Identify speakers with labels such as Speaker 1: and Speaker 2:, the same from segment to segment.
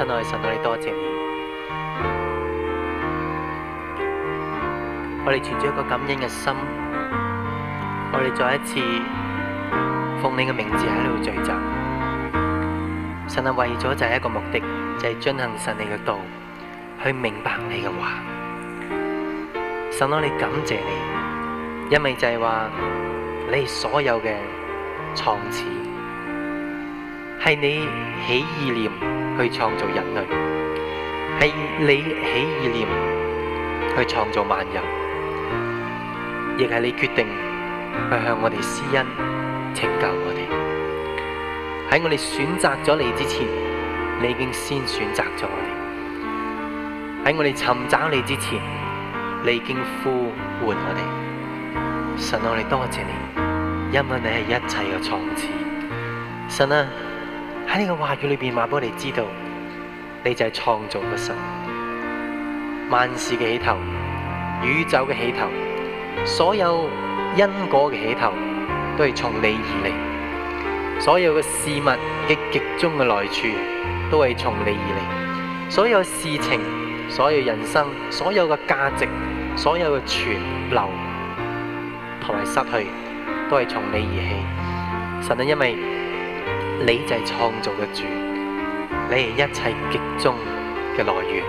Speaker 1: 神啊，神啊，你多謝你！我哋存住一個感恩嘅心，我哋再一次奉你嘅名字喺度聚集。神啊，為咗就係一個目的，就係、是、遵行神你嘅道，去明白你嘅話。神啊，你感謝你，因為就係話你所有嘅創始係你起意念。去創造人類，係你起意念去創造萬人，亦係你決定去向我哋施恩拯救我哋。喺我哋選擇咗你之前，你已經先選擇咗我哋。喺我哋尋找你之前，你已經呼喚我哋。神，我哋多謝你，因為你係一切嘅創始。神啊！喺呢個話語裏邊話俾我哋知道，你就係創造個神，萬事嘅起頭，宇宙嘅起頭，所有因果嘅起頭都係從你而嚟，所有嘅事物嘅極中嘅來處都係從你而嚟，所有事情、所有人生、所有嘅價值、所有嘅存留同埋失去，都係從你而起。神，因為。你就係創造嘅主，你係一切極終嘅來源。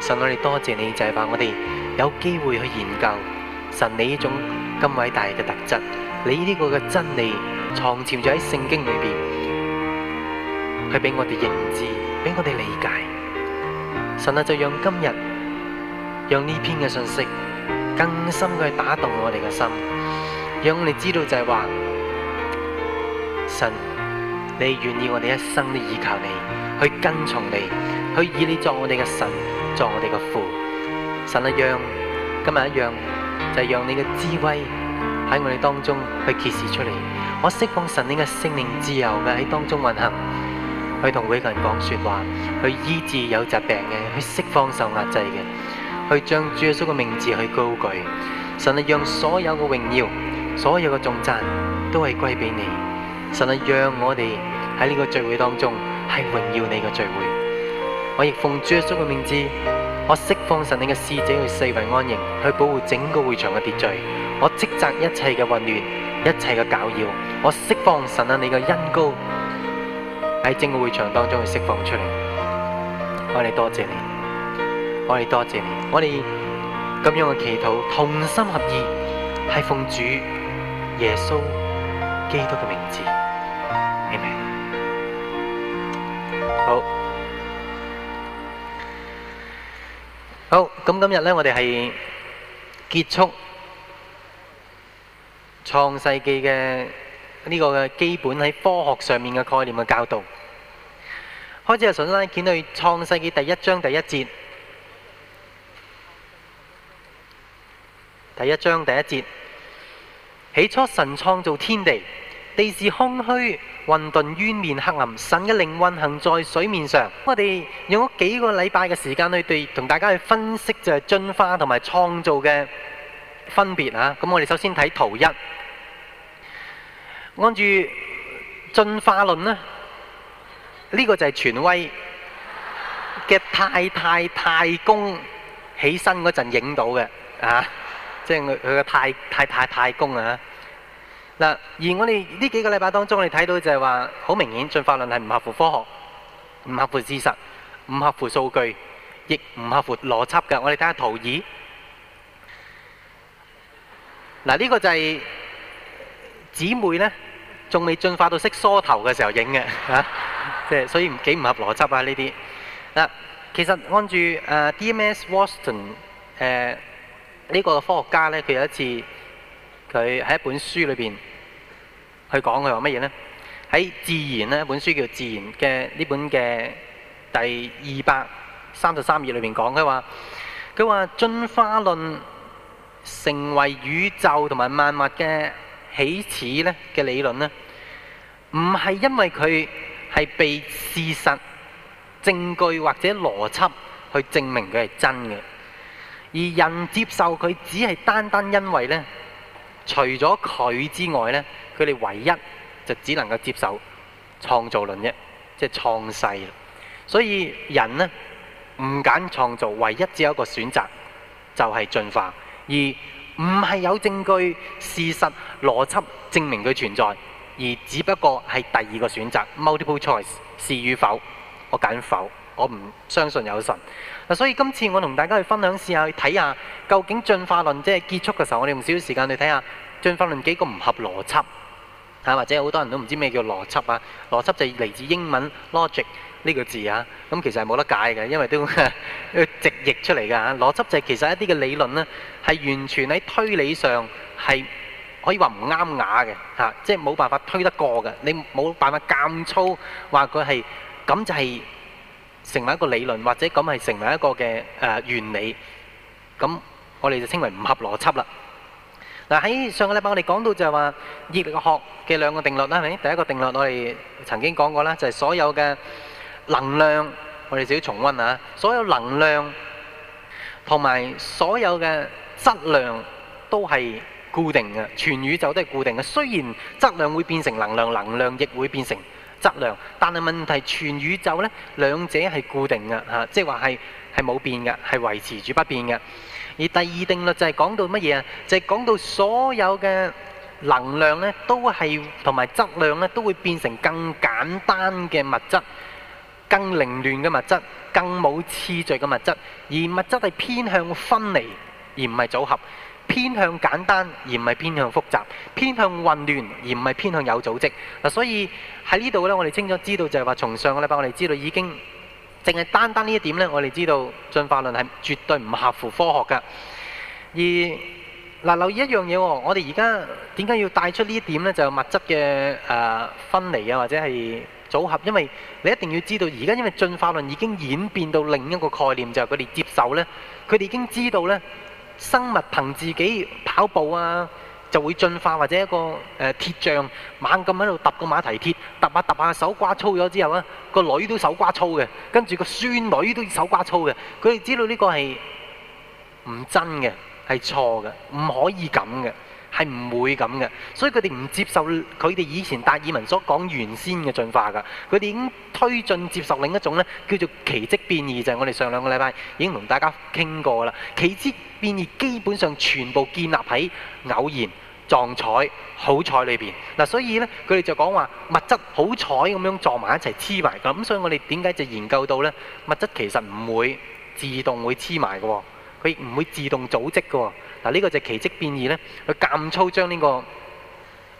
Speaker 1: 神，我哋多謝你，就係話我哋有機會去研究神你呢種咁偉大嘅特質，你呢個嘅真理藏潛咗喺聖經裏邊，去俾我哋認知，俾我哋理解。神啊，就讓今日，讓呢篇嘅信息更深去打動我哋嘅心，讓我哋知道就係話神。你願意我哋一生都依靠你，去跟從你，去以你作我哋嘅神，作我哋嘅父。神啊，讓今日一樣，就係、是、讓你嘅智慧喺我哋當中去揭示出嚟，我釋放神你嘅聖靈自由嘅喺當中運行，去同每個人講說話，去醫治有疾病嘅，去釋放受壓制嘅，去將主耶穌嘅名字去高舉。神啊，讓所有嘅榮耀，所有嘅頌讚，都係歸俾你。神啊，讓我哋。喺呢個聚會當中，係榮耀你嘅聚會。我亦奉主耶穌嘅名字，我釋放神你嘅使者去四圍安營，去保護整個會場嘅秩序。我積責一切嘅混亂，一切嘅攪擾。我釋放神啊，你嘅恩膏喺整個會場當中去釋放出嚟。我哋多謝你，我哋多謝你。我哋咁樣嘅祈禱，同心合意，係奉主耶穌基督嘅名字。好，咁今日咧，我哋係結束創世紀嘅呢個嘅基本喺科學上面嘅概念嘅教導，開始順手拉見去創世紀第一章第一節，第一章第一節，起初神創造天地，地是空虛。混沌淵面黑暗，神嘅靈運行在水面上。我哋用咗幾個禮拜嘅時間去對同大家去分析就係進化同埋創造嘅分別啊。咁我哋首先睇圖一，按住進化論呢，呢、呢個就係權威嘅太太太公起身嗰陣影到嘅啊，即係佢佢嘅太太太太公啊。嗱，而我哋呢幾個禮拜當中，我哋睇到就係話好明顯進化論係唔合乎科學、唔合乎事實、唔合乎數據，亦唔合乎邏輯嘅。我哋睇下圖二，嗱、這、呢個就係姊妹呢，仲未進化到識梳頭嘅時候影嘅嚇，即 係 所以幾唔合邏輯啊呢啲。嗱，其實按住誒 DMS Watson 誒、呃、呢、這個科學家呢，佢有一次佢喺一本書裏邊。佢講佢話乜嘢呢？喺《自然》呢本書叫《自然》嘅呢本嘅第二百三十三頁裏面講，佢話佢話進化論成為宇宙同埋萬物嘅起始呢嘅理論呢，唔係因為佢係被事實、證據或者邏輯去證明佢係真嘅，而人接受佢只係單單因為呢，除咗佢之外呢。」佢哋唯一就只能夠接受創造論啫，即係創世。所以人呢，唔揀創造，唯一只有一個選擇，就係進化。而唔係有證據、事實、邏輯證明佢存在，而只不過係第二個選擇。Multiple choice 是與否，我揀否，我唔相信有神。嗱，所以今次我同大家去分享試下，去睇下究竟進化論即係結束嘅時候，我哋用少少時間去睇下進化論幾個唔合邏輯。嚇，或者好多人都唔知咩叫邏輯啊？邏輯就係嚟自英文 logic 呢個字啊。咁其實係冇得解嘅，因為都要直譯出嚟㗎嚇。邏輯就係其實一啲嘅理論咧，係完全喺推理上係可以話唔啱雅嘅嚇，即係冇辦法推得過嘅。你冇辦法咁粗話佢係咁，就係成為一個理論，或者咁係成為一個嘅誒原理。咁我哋就稱為唔合邏輯啦。嗱，喺上個禮拜我哋講到就係話熱力學嘅兩個定律啦，係咪？第一個定律我哋曾經講過啦，就係所有嘅能量，我哋自己重温啊。所有能量同埋所有嘅質量都係固定嘅，全宇宙都係固定嘅。雖然質量會變成能量，能量亦會變成質量，但係問題是全宇宙呢兩者係固定嘅，嚇、啊，即係話係係冇變嘅，係維持住不變嘅。而第二定律就係講到乜嘢啊？就係講到所有嘅能量咧，都係同埋質量咧，都會變成更簡單嘅物質、更凌亂嘅物質、更冇次序嘅物質。而物質係偏向分離，而唔係組合；偏向簡單，而唔係偏向複雜；偏向混亂，而唔係偏向有組織。嗱，所以喺呢度咧，我哋清楚知道就係話，從上個禮拜我哋知道已經。淨係單單呢一點呢，我哋知道進化論係絕對唔合乎科學嘅。而嗱，留意一樣嘢喎，我哋而家點解要帶出呢一點呢？就係物質嘅誒分離啊，或者係組合，因為你一定要知道，而家因為進化論已經演變到另一個概念，就係佢哋接受呢，佢哋已經知道呢，生物憑自己跑步啊。就會進化，或者一個誒、呃、鐵匠猛咁喺度揼個馬蹄鐵，揼下揼下手瓜粗咗之後咧，個女都手瓜粗嘅，跟住個孫女都手瓜粗嘅，佢哋知道呢個係唔真嘅，係錯嘅，唔可以咁嘅。係唔會咁嘅，所以佢哋唔接受佢哋以前達爾文所講原先嘅進化㗎。佢哋已經推進接受另一種咧，叫做奇蹟變異，就係我哋上兩個禮拜已經同大家傾過啦。奇蹟變異基本上全部建立喺偶然撞彩、好彩裏邊嗱，所以咧佢哋就講話物質好彩咁樣撞埋一齊黐埋咁，所以我哋點解就研究到咧物質其實唔會自動會黐埋嘅喎，佢唔會自動組織嘅喎。嗱，呢個就係奇蹟變異咧，佢咁粗將呢、這個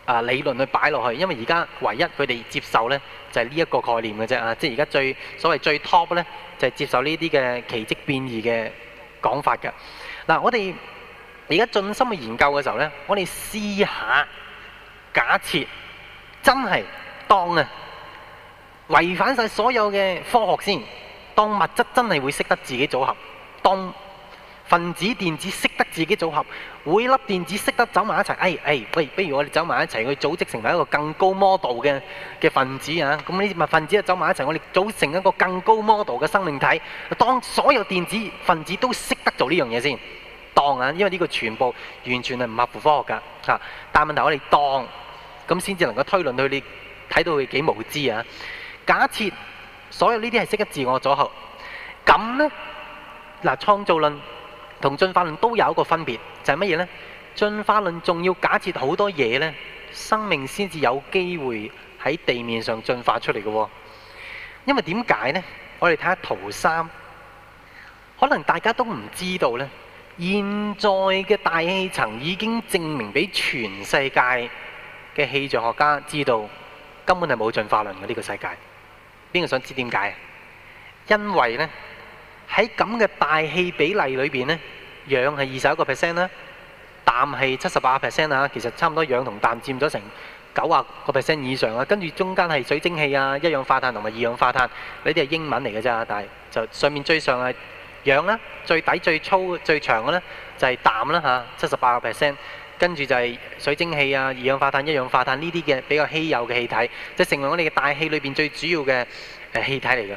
Speaker 1: 啊、呃、理論去擺落去，因為而家唯一佢哋接受咧就係呢一個概念嘅啫啊！即係而家最所謂最 top 咧，就係、係、接受呢啲嘅奇蹟變異嘅講法嘅。嗱、啊，我哋而家盡心去研究嘅時候咧，我哋試下假設真係當啊違反晒所有嘅科學先，當物質真係會識得自己組合，當。分子電子識得自己組合，每粒電子識得走埋一齊。哎哎，喂，不如我哋走埋一齊去組織成為一個更高 model 嘅嘅分子啊！咁呢啲分子啊走埋一齊，我哋組成一個更高 model 嘅生命體。當所有電子分子都識得做呢樣嘢先，當啊！因為呢個全部完全係唔合乎科學噶嚇、啊。但係問題是我哋當咁先至能夠推論到你睇到佢幾無知啊！假設所有呢啲係識得自我組合，咁呢？嗱創造論。同進化論都有一個分別，就係乜嘢呢？進化論仲要假設好多嘢呢，生命先至有機會喺地面上進化出嚟嘅。因為點解呢？我哋睇下圖三，可能大家都唔知道呢，現在嘅大氣層已經證明俾全世界嘅氣象學家知道，根本係冇進化論嘅呢個世界。邊個想知點解？因為呢。喺咁嘅大氣比例裏邊呢氧係二十一個 percent 啦，氮係七十八個 percent 啊，其實差唔多氧同氮佔咗成九啊個 percent 以上啊，跟住中間係水蒸氣啊、一氧化碳同埋二氧化碳，呢啲係英文嚟嘅咋，但係就上面最上係氧啦，最底最粗最長嘅咧就係氮啦吓，七十八個 percent，跟住就係水蒸氣啊、二氧化碳、一氧化碳呢啲嘅比較稀有嘅氣體，即係、成為我哋嘅大氣裏邊最主要嘅誒氣體嚟嘅。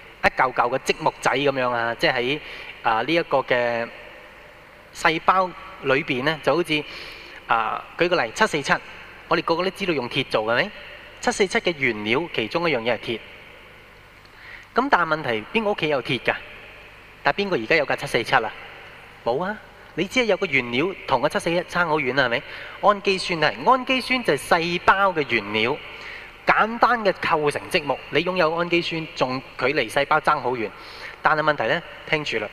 Speaker 1: 一嚿嚿嘅積木仔咁樣啊，即係喺啊呢一個嘅細胞裏邊咧，就好似啊、呃、舉個例，七四七，我哋個個都知道用鐵做嘅，咩？七四七嘅原料其中一樣嘢係鐵。咁但係問題邊個屋企有鐵㗎？但係邊個而家有架七四七啊？冇啊！你只係有個原料同個七四一差好遠啊，係咪？氨基酸係，氨基酸就係細胞嘅原料。簡單嘅構成積木，你擁有氨基酸，仲距離細胞爭好遠。但係問題呢，聽住啦，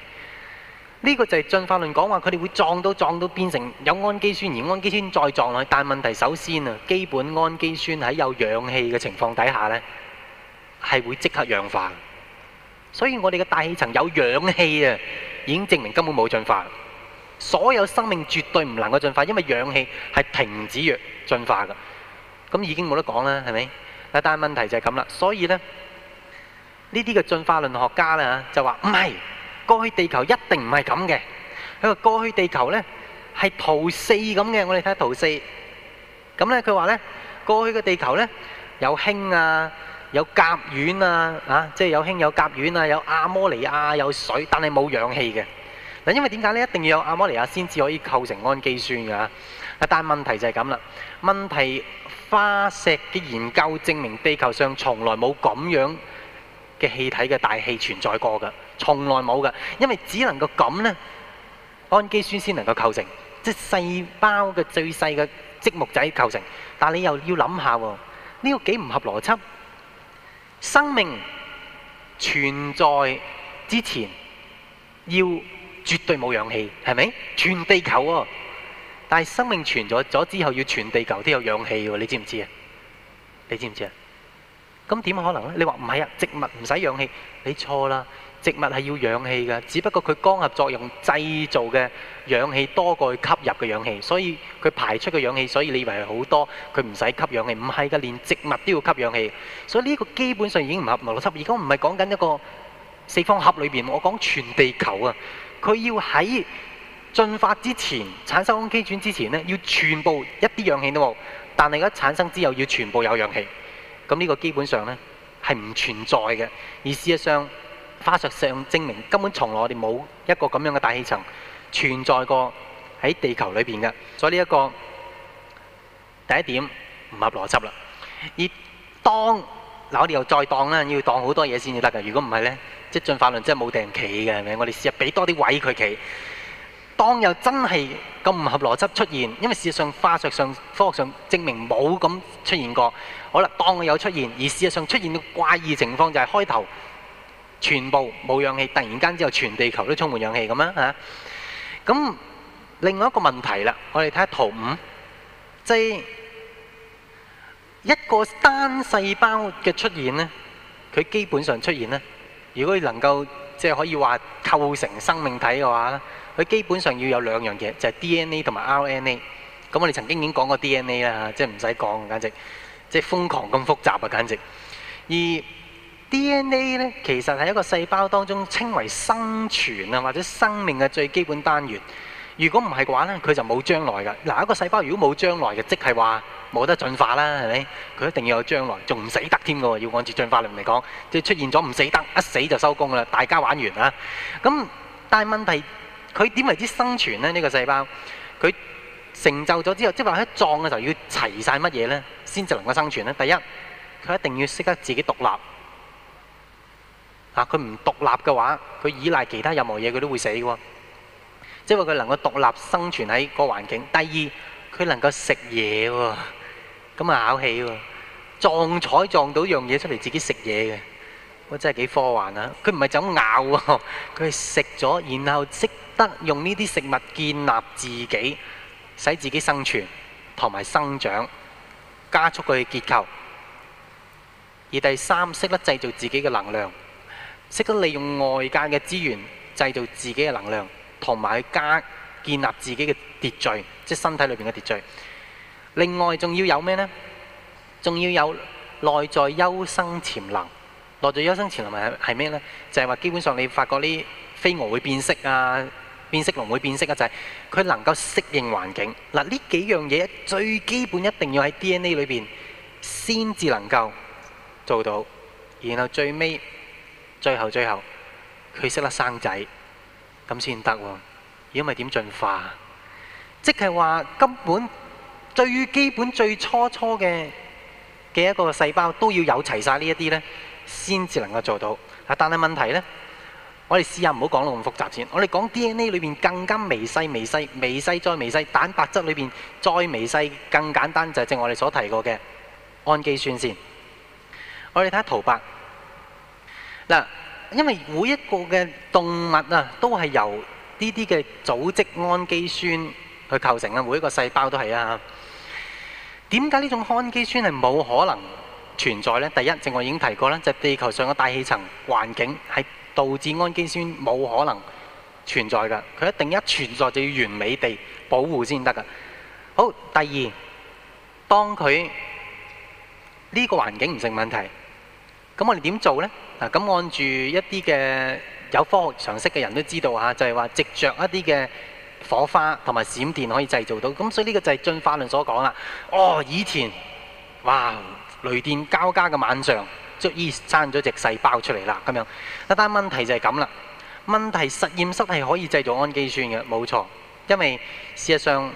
Speaker 1: 呢個就係進化論講話，佢哋會撞到撞到變成有氨基酸而氨基酸再撞落去。但問題首先啊，基本氨基酸喺有氧氣嘅情況底下呢，係會即刻氧化。所以我哋嘅大氣層有氧氣啊，已經證明根本冇進化。所有生命絕對唔能夠進化，因為氧氣係停止進化嘅。咁已經冇得講啦，係咪？嗱，但係問題就係咁啦，所以咧，呢啲嘅進化論學家咧，就話唔係過去地球一定唔係咁嘅。佢話過去地球咧係圖四咁嘅，我哋睇下圖四。咁咧，佢話咧，過去嘅地球咧有氫啊，有甲烷啊，嚇，即係有氫有甲烷啊，有阿摩尼亞有水，但係冇氧氣嘅。嗱，因為點解咧一定要有阿摩尼亞先至可以構成氨基酸㗎？嗱，但係問題就係咁啦，問題。化石嘅研究證明，地球上從來冇咁樣嘅氣體嘅大氣存在過噶，從來冇噶，因為只能夠咁呢，氨基酸先能夠構成，即係細胞嘅最細嘅積木仔構成。但你又要諗下喎，呢個幾唔合邏輯？生命存在之前，要絕對冇氧氣，係咪？全地球啊。但係生命傳咗咗之後，要全地球都有氧氣喎，你知唔知啊？你知唔知啊？咁點可能咧？你話唔係啊？植物唔使氧氣？你錯啦！植物係要氧氣嘅，只不過佢光合作用製造嘅氧氣多過佢吸入嘅氧氣，所以佢排出嘅氧氣，所以你以為係好多，佢唔使吸氧氣？唔係噶，連植物都要吸氧氣。所以呢個基本上已經唔合邏輯。而家我唔係講緊一個四方盒裏邊，我講全地球啊，佢要喺。進化之前產生機轉之前呢，要全部一啲氧氣都冇，但係而家產生之後要全部有氧氣，咁呢個基本上呢係唔存在嘅。而事實上，化石上證明根本從來我哋冇一個咁樣嘅大氣層存在過喺地球裏邊嘅。所以呢、這、一個第一點唔合邏輯啦。而當嗱我哋又再當啦，要當好多嘢先至得㗎。如果唔係呢，即進化論真係冇定企嘅，係咪？我哋試下俾多啲位佢企。當又真係咁唔合邏輯出現，因為事實上，化學上、科學上證明冇咁出現過。好啦，當佢有出現，而事實上出現嘅怪異情況就係開頭全部冇氧氣，突然間之後全地球都充滿氧氣咁樣啊！咁另外一個問題啦，我哋睇下圖五，即係一個單細胞嘅出現呢，佢基本上出現呢，如果能夠即係可以話構成生命體嘅話呢。佢基本上要有兩樣嘢，就係 DNA 同埋 RNA。咁我哋曾經已經講過 DNA 啦，即係唔使講，簡直即係瘋狂咁複雜啊，簡直。而 DNA 呢，其實係一個細胞當中稱為生存啊或者生命嘅最基本單元。如果唔係嘅話呢，佢就冇將來㗎。嗱，一個細胞如果冇將來嘅，即係話冇得進化啦，係咪？佢一定要有將來，仲唔死得添㗎喎？要按照進化論嚟講，即係出現咗唔死得，一死就收工啦，大家玩完啦。咁但係問題。佢點為之生存咧？呢個細胞佢成就咗之後，即係話一撞嘅時候要齊晒乜嘢咧，先至能夠生存咧。第一，佢一定要識得自己獨立。啊，佢唔獨立嘅話，佢依賴其他任何嘢，佢都會死嘅。即係話佢能夠獨立生存喺個環境。第二，佢能夠食嘢喎，咁啊咬起喎，撞彩撞到一樣嘢出嚟自己食嘢嘅。我真係幾科幻啊！佢唔係就咁咬喎，佢係食咗，然後識得用呢啲食物建立自己，使自己生存同埋生長，加速佢嘅結構。而第三，識得製造自己嘅能量，識得利用外界嘅資源製造自己嘅能量，同埋去加建立自己嘅秩序，即係身體裏邊嘅秩序。另外，仲要有咩呢？仲要有內在優生潛能。落咗優生潛能係，係咩呢？就係話基本上你發覺啲飛蛾會變色啊，變色龍會變色啊，就係佢能夠適應環境。嗱，呢幾樣嘢最基本一定要喺 D N A 裏邊先至能夠做到。然後最尾，最後最後佢識得生仔咁先得喎。如果唔係點進化？即係話根本最基本最初初嘅嘅一個細胞都要有齊晒呢一啲呢，先至能夠做到，但係問題呢，我哋試下唔好講到咁複雜先。我哋講 DNA 裏面更加微細、微細、微細再微細，蛋白質裏面再微細，更簡單就係正我哋所提過嘅氨基酸先。我哋睇下圖八，嗱，因為每一個嘅動物啊，都係由呢啲嘅組織氨基酸去構成嘅，每一個細胞都係啊。點解呢種氨基酸係冇可能？存在呢，第一，正我已經提過啦，就係、地球上嘅大氣層環境係導致氨基酸冇可能存在㗎，佢一定一存在就要完美地保護先得㗎。好，第二，當佢呢個環境唔成問題，咁我哋點做呢？嗱、啊，咁按住一啲嘅有科學常識嘅人都知道啊，就係話藉着一啲嘅火花同埋閃電可以製造到，咁所以呢個就係進化論所講啦。哦，以前，哇！雷電交加嘅晚上，終於生咗隻細胞出嚟啦，咁樣。啊，但係問題就係咁啦。問題實驗室係可以製造氨基酸嘅，冇錯。因為事實上，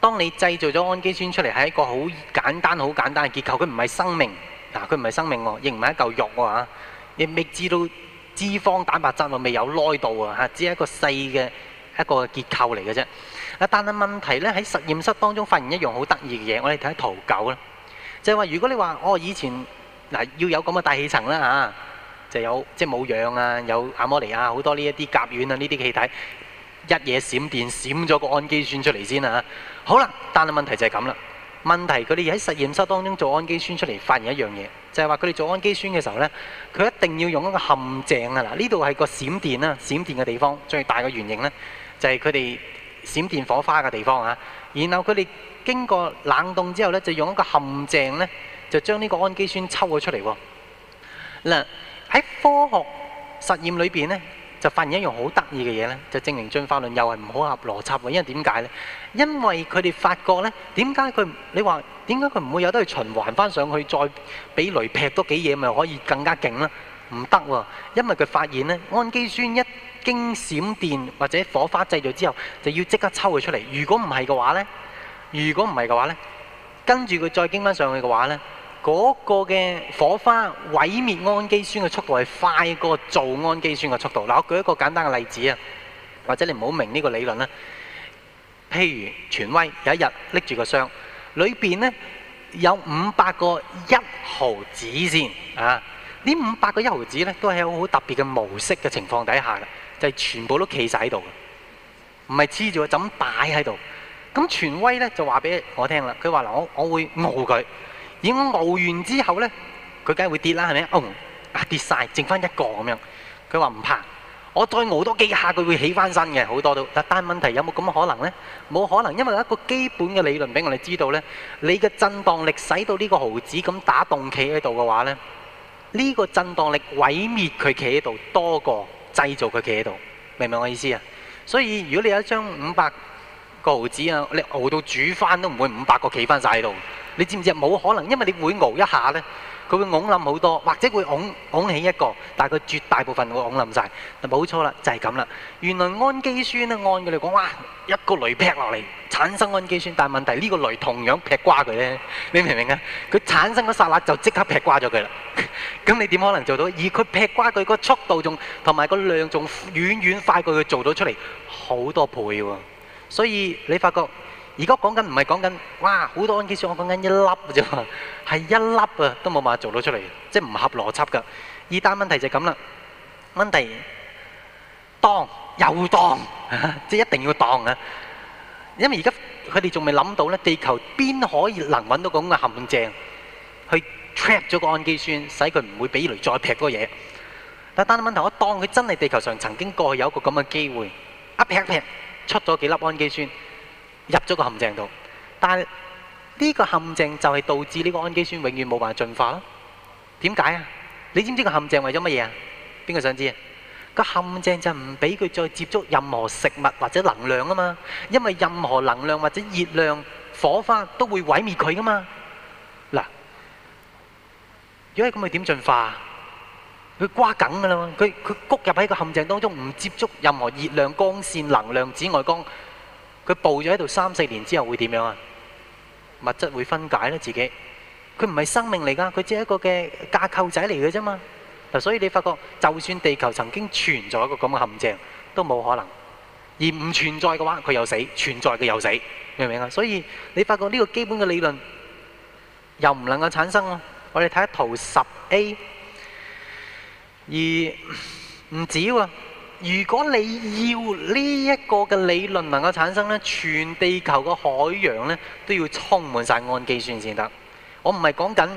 Speaker 1: 當你製造咗氨基酸出嚟，係一個好簡單、好簡單嘅結構，佢唔係生命，嗱，佢唔係生命喎，亦唔係一嚿肉喎嚇，亦、啊、未知到脂肪、蛋白質內未有攞到啊嚇，只係一個細嘅一個結構嚟嘅啫。啊，但係問題咧，喺實驗室當中發現一樣好得意嘅嘢，我哋睇圖九啦。就係話，如果你話我，哦，以前嗱要有咁嘅大氣層啦嚇，啊，就有即係冇氧啊，有阿摩尼亞好多呢一啲甲烷啊呢啲氣體，一嘢閃電閃咗個氨基酸出嚟先啊！好啦，但係問題就係咁啦。問題佢哋喺實驗室當中做氨基酸出嚟，發現一樣嘢，就係話佢哋做氨基酸嘅時候呢，佢一定要用一個陷阱啊！嗱，呢度係個閃電啊，閃電嘅地方最大嘅圓形呢，就係佢哋閃電火花嘅地方啊。然後佢哋。經過冷凍之後咧，就用一個陷阱咧，就將呢個氨基酸抽咗出嚟喎。嗱，啊，喺科學實驗裏面咧，就發現一樣好得意嘅嘢咧，就證明進化論又係唔好合邏輯喎。因為點解咧？因為佢哋發覺咧，點解佢你話點解佢唔會有得去循環翻上去，再俾雷劈多幾嘢，咪可以更加勁呢？唔得喎，因為佢發現咧，氨基酸一經閃電或者火花製造之後，就要即刻抽佢出嚟。如果唔係嘅話咧，如果唔係嘅話呢，跟住佢再經翻上去嘅話呢，嗰個嘅火花毀滅氨基酸嘅速度係快過做氨基酸嘅速度。嗱，我舉一個簡單嘅例子啊，或者你唔好明呢個理論啦。譬如權威有一日拎住個箱，裏邊呢有五百個一毫子先啊！呢五百個一毫子呢，都係有好特別嘅模式嘅情況底下噶，就係全部都企晒喺度，唔係黐住啊，就咁擺喺度。咁權威咧就話俾我聽啦，佢話嗱我我會熬佢，已經熬完之後咧，佢梗係會跌啦，係咪？哦，啊跌晒，剩翻一個咁樣。佢話唔怕，我再熬多幾下，佢會起翻身嘅，好多都。但係問題有冇咁嘅可能咧？冇可能，因為一個基本嘅理論俾我哋知道咧，你嘅震蕩力使到呢個毫子咁打動企喺度嘅話咧，呢個震蕩力毀滅佢企喺度多過製造佢企喺度，明唔明我意思啊？所以如果你有一張五百個毫子啊，你熬到煮翻都唔會五百個企翻晒喺度。你知唔知？冇可能，因為你會熬一下呢，佢會拱冧好多，或者會拱起一個，但係佢絕大部分會拱冧晒。冇錯啦，就係咁啦。原來氨基酸咧，按佢嚟講，哇，一個雷劈落嚟產生氨基酸，但係問題呢、呢個雷同樣劈瓜佢呢，你明唔明啊？佢產生嗰剎 那就即刻劈瓜咗佢啦。咁你點可能做到？而佢劈瓜佢個速度仲同埋個量仲遠遠快過佢做到出嚟好多倍喎、啊。所以你發覺而家講緊唔係講緊，哇好多氨基酸，我講緊一粒嘅啫嘛，係一粒啊都冇辦法做到出嚟，即係唔合邏輯㗎。而單問題就係咁啦，問題當又當，即係一定要當啊！因為而家佢哋仲未諗到咧，地球邊可以能揾到個咁嘅陷阱去 trap 咗個氨基酸，使佢唔會俾雷再劈個嘢。但單問題我當佢真係地球上曾經過去有一個咁嘅機會，一劈劈。出咗幾粒氨基酸，入咗個陷阱度，但係呢個陷阱就係導致呢個氨基酸永遠冇辦法進化咯。點解啊？你知唔知個陷阱為咗乜嘢啊？邊個想知啊？個陷阱就唔俾佢再接觸任何食物或者能量啊嘛，因為任何能量或者熱量、火花都會毀滅佢噶嘛。嗱，如果係咁，佢點進化啊？佢瓜梗噶啦嘛，佢佢谷入喺個陷阱當中，唔接觸任何熱量、光線、能量、紫外光，佢暴咗喺度三四年之後會點樣啊？物質會分解咧，自己佢唔係生命嚟噶，佢只係一個嘅架構仔嚟嘅啫嘛。嗱，所以你發覺，就算地球曾經存在一個咁嘅陷阱，都冇可能。而唔存在嘅話，佢又死；存在嘅又死，明唔明啊？所以你發覺呢個基本嘅理論又唔能夠產生啊。我哋睇一圖十 A。而唔止喎，如果你要呢一個嘅理論能夠產生呢，全地球嘅海洋呢都要充滿晒氨基酸先得。我唔係講緊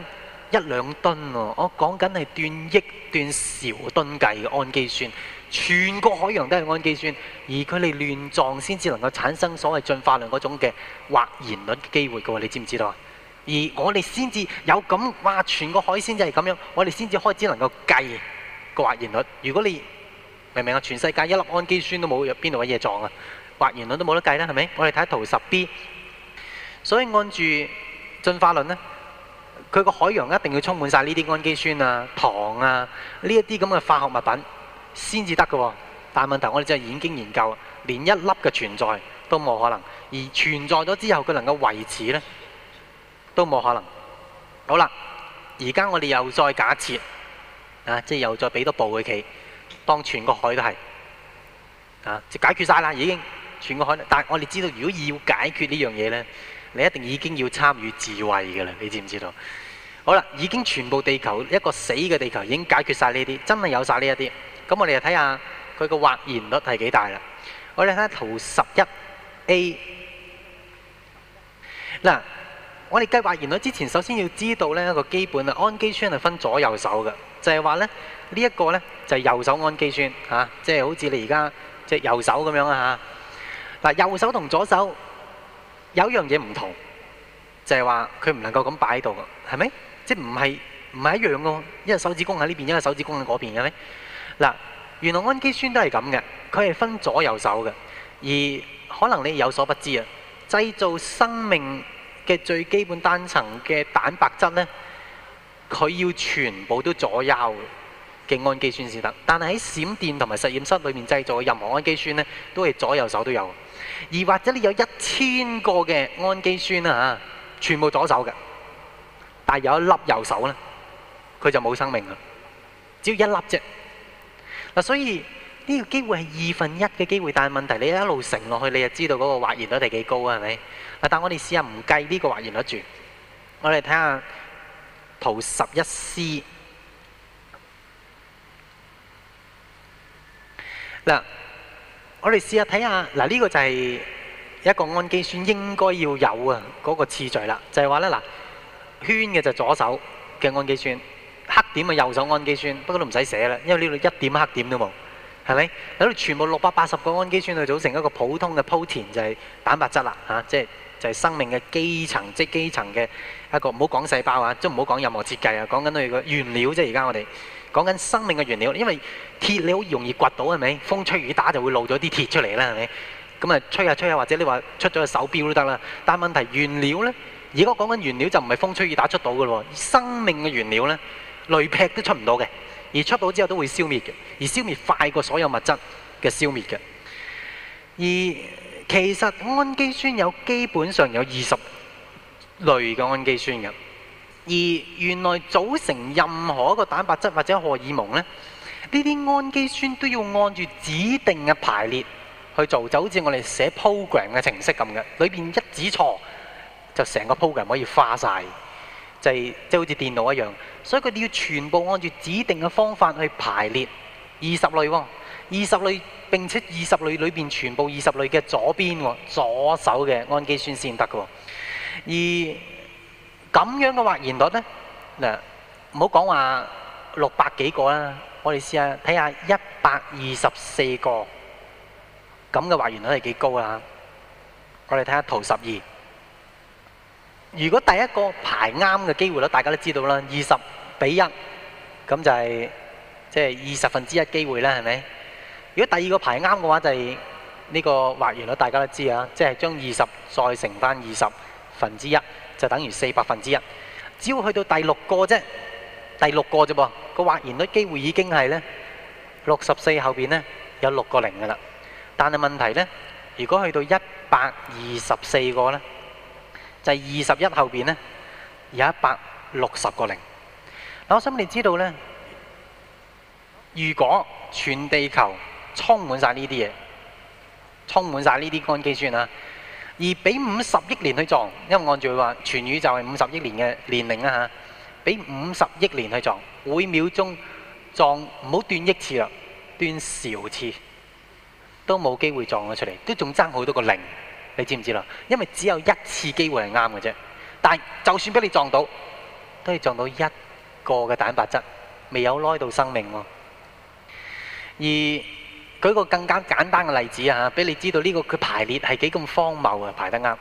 Speaker 1: 一兩噸喎，我講緊係段億段兆噸計嘅氨基酸，全個海洋都係氨基酸，而佢哋亂撞先至能夠產生所謂進化論嗰種嘅或然率機會嘅喎。你知唔知道？啊？而我哋先至有咁哇，全個海鮮就係咁樣，我哋先至開始能夠計。個或然率，如果你明唔明啊？全世界一粒氨基酸都冇，有邊度嘅嘢撞啊！或然率都冇得計啦，係咪？我哋睇圖十 B，所以按住進化論呢，佢個海洋一定要充滿晒呢啲氨基酸啊、糖啊呢一啲咁嘅化學物品先至得嘅。但係問題，我哋就係已經研究，連一粒嘅存在都冇可能，而存在咗之後，佢能夠維持呢，都冇可能。好啦，而家我哋又再假設。啊！即係又再俾多部佢企，當全個海都係啊，就解決晒啦。已經全個海，但係我哋知道，如果要解決這件事呢樣嘢咧，你一定已經要參與智慧嘅啦。你知唔知道？好啦，已經全部地球一個死嘅地球已經解決晒呢啲，真係有晒呢一啲。咁我哋就睇下佢個或然率係幾大啦。我哋睇下圖十一 A。嗱，我哋計或然率之前，首先要知道咧一個基本啊，氨基酸係分左右手嘅。就係話咧，呢、這、一個咧就係右手氨基酸嚇，即、啊、係、就是、好似你而家隻右手咁樣啊，嗱，右手同左手有樣嘢唔同，就係話佢唔能夠咁擺喺度，係咪？即係唔係唔一樣嘅？一個手指公喺呢邊，一個手指公喺嗰邊嘅咩？嗱、啊，原來氨基酸都係咁嘅，佢係分左右手嘅。而可能你有所不知啊，製造生命嘅最基本單層嘅蛋白質咧。佢要全部都左右嘅氨基酸先得，但係喺閃電同埋實驗室裏面製造嘅任何氨基酸呢，都係左右手都有。而或者你有一千個嘅氨基酸啊，全部左手嘅，但係有一粒右手呢，佢就冇生命啊！只要一粒啫。嗱，所以呢個機會係二分一嘅機會，但係問題你一路乘落去，你就知道嗰個或然率係幾高啊？係咪？但我哋試下唔計呢個或然率住，我哋睇下。圖十一 C，嗱，我哋試下睇下嗱，呢個就係一個氨基酸應該要有啊嗰個次序啦，就係話咧嗱，圈嘅就左手嘅氨基酸，黑點嘅右手氨基酸，不過都唔使寫啦，因為呢度一點黑點都冇，係咪？喺度全部六百八十個氨基酸去組成一個普通嘅鋪田就係蛋白質啦嚇，即係就係生命嘅基層即係基層嘅。一個唔好講細胞啊，即係唔好講任何設計啊，講緊佢個原料啫。而家我哋講緊生命嘅原料，因為鐵你好容易掘到係咪？風吹雨打就會露咗啲鐵出嚟啦係咪？咁啊吹下吹下，或者你話出咗個手錶都得啦。但係問題是原料呢，如果講緊原料就唔係風吹雨打出到嘅喎。生命嘅原料呢，雷劈都出唔到嘅，而出到之後都會消滅嘅，而消滅快過所有物質嘅消滅嘅。而其實氨基酸有基本上有二十。類嘅氨基酸嘅，而原來組成任何一個蛋白質或者荷爾蒙呢，呢啲氨基酸都要按住指定嘅排列去做，就好似我哋寫 program 嘅程式咁嘅，裏面一指錯，就成個 program 可以花晒，就係即係好似電腦一樣，所以佢哋要全部按住指定嘅方法去排列二十類喎，二十類，並且二十類裏面全部二十類嘅左邊喎，左手嘅氨基酸先得嘅。而咁樣嘅還原率咧，嗱，唔好講話六百幾個啦，我哋試下睇下一百二十四個咁嘅還原率係幾高呀。我哋睇下圖十二。如果第一個排啱嘅機會率，大家都知道啦，二十比一，咁就係即係二十分之一機會啦，係咪？如果第二個排啱嘅話，就係呢個還原率，大家都知啊，即係將二十再乘翻二十。分之一就等於四百分之一，只要去到第六個啫，第六個啫噃，嘅或然率機會已經係呢，六十四後邊呢，有六個零噶啦，但係問題呢，如果去到一百二十四個呢，就係二十一後邊呢，有一百六十個零。我想你知道呢，如果全地球充滿晒呢啲嘢，充滿晒呢啲氨基酸啦。而俾五十億年去撞，因為按住話全宇宙係五十億年嘅年齡啊嚇，俾五十億年去撞，每秒鐘撞唔好斷億次啦，斷兆次都冇機會撞咗出嚟，都仲爭好多個零，你知唔知啦？因為只有一次機會係啱嘅啫。但係就算俾你撞到，都係撞到一個嘅蛋白質，未有攞到生命喎、啊。而舉個更加簡單嘅例子啊，俾你知道呢個佢排列係幾咁荒謬啊，排得啱。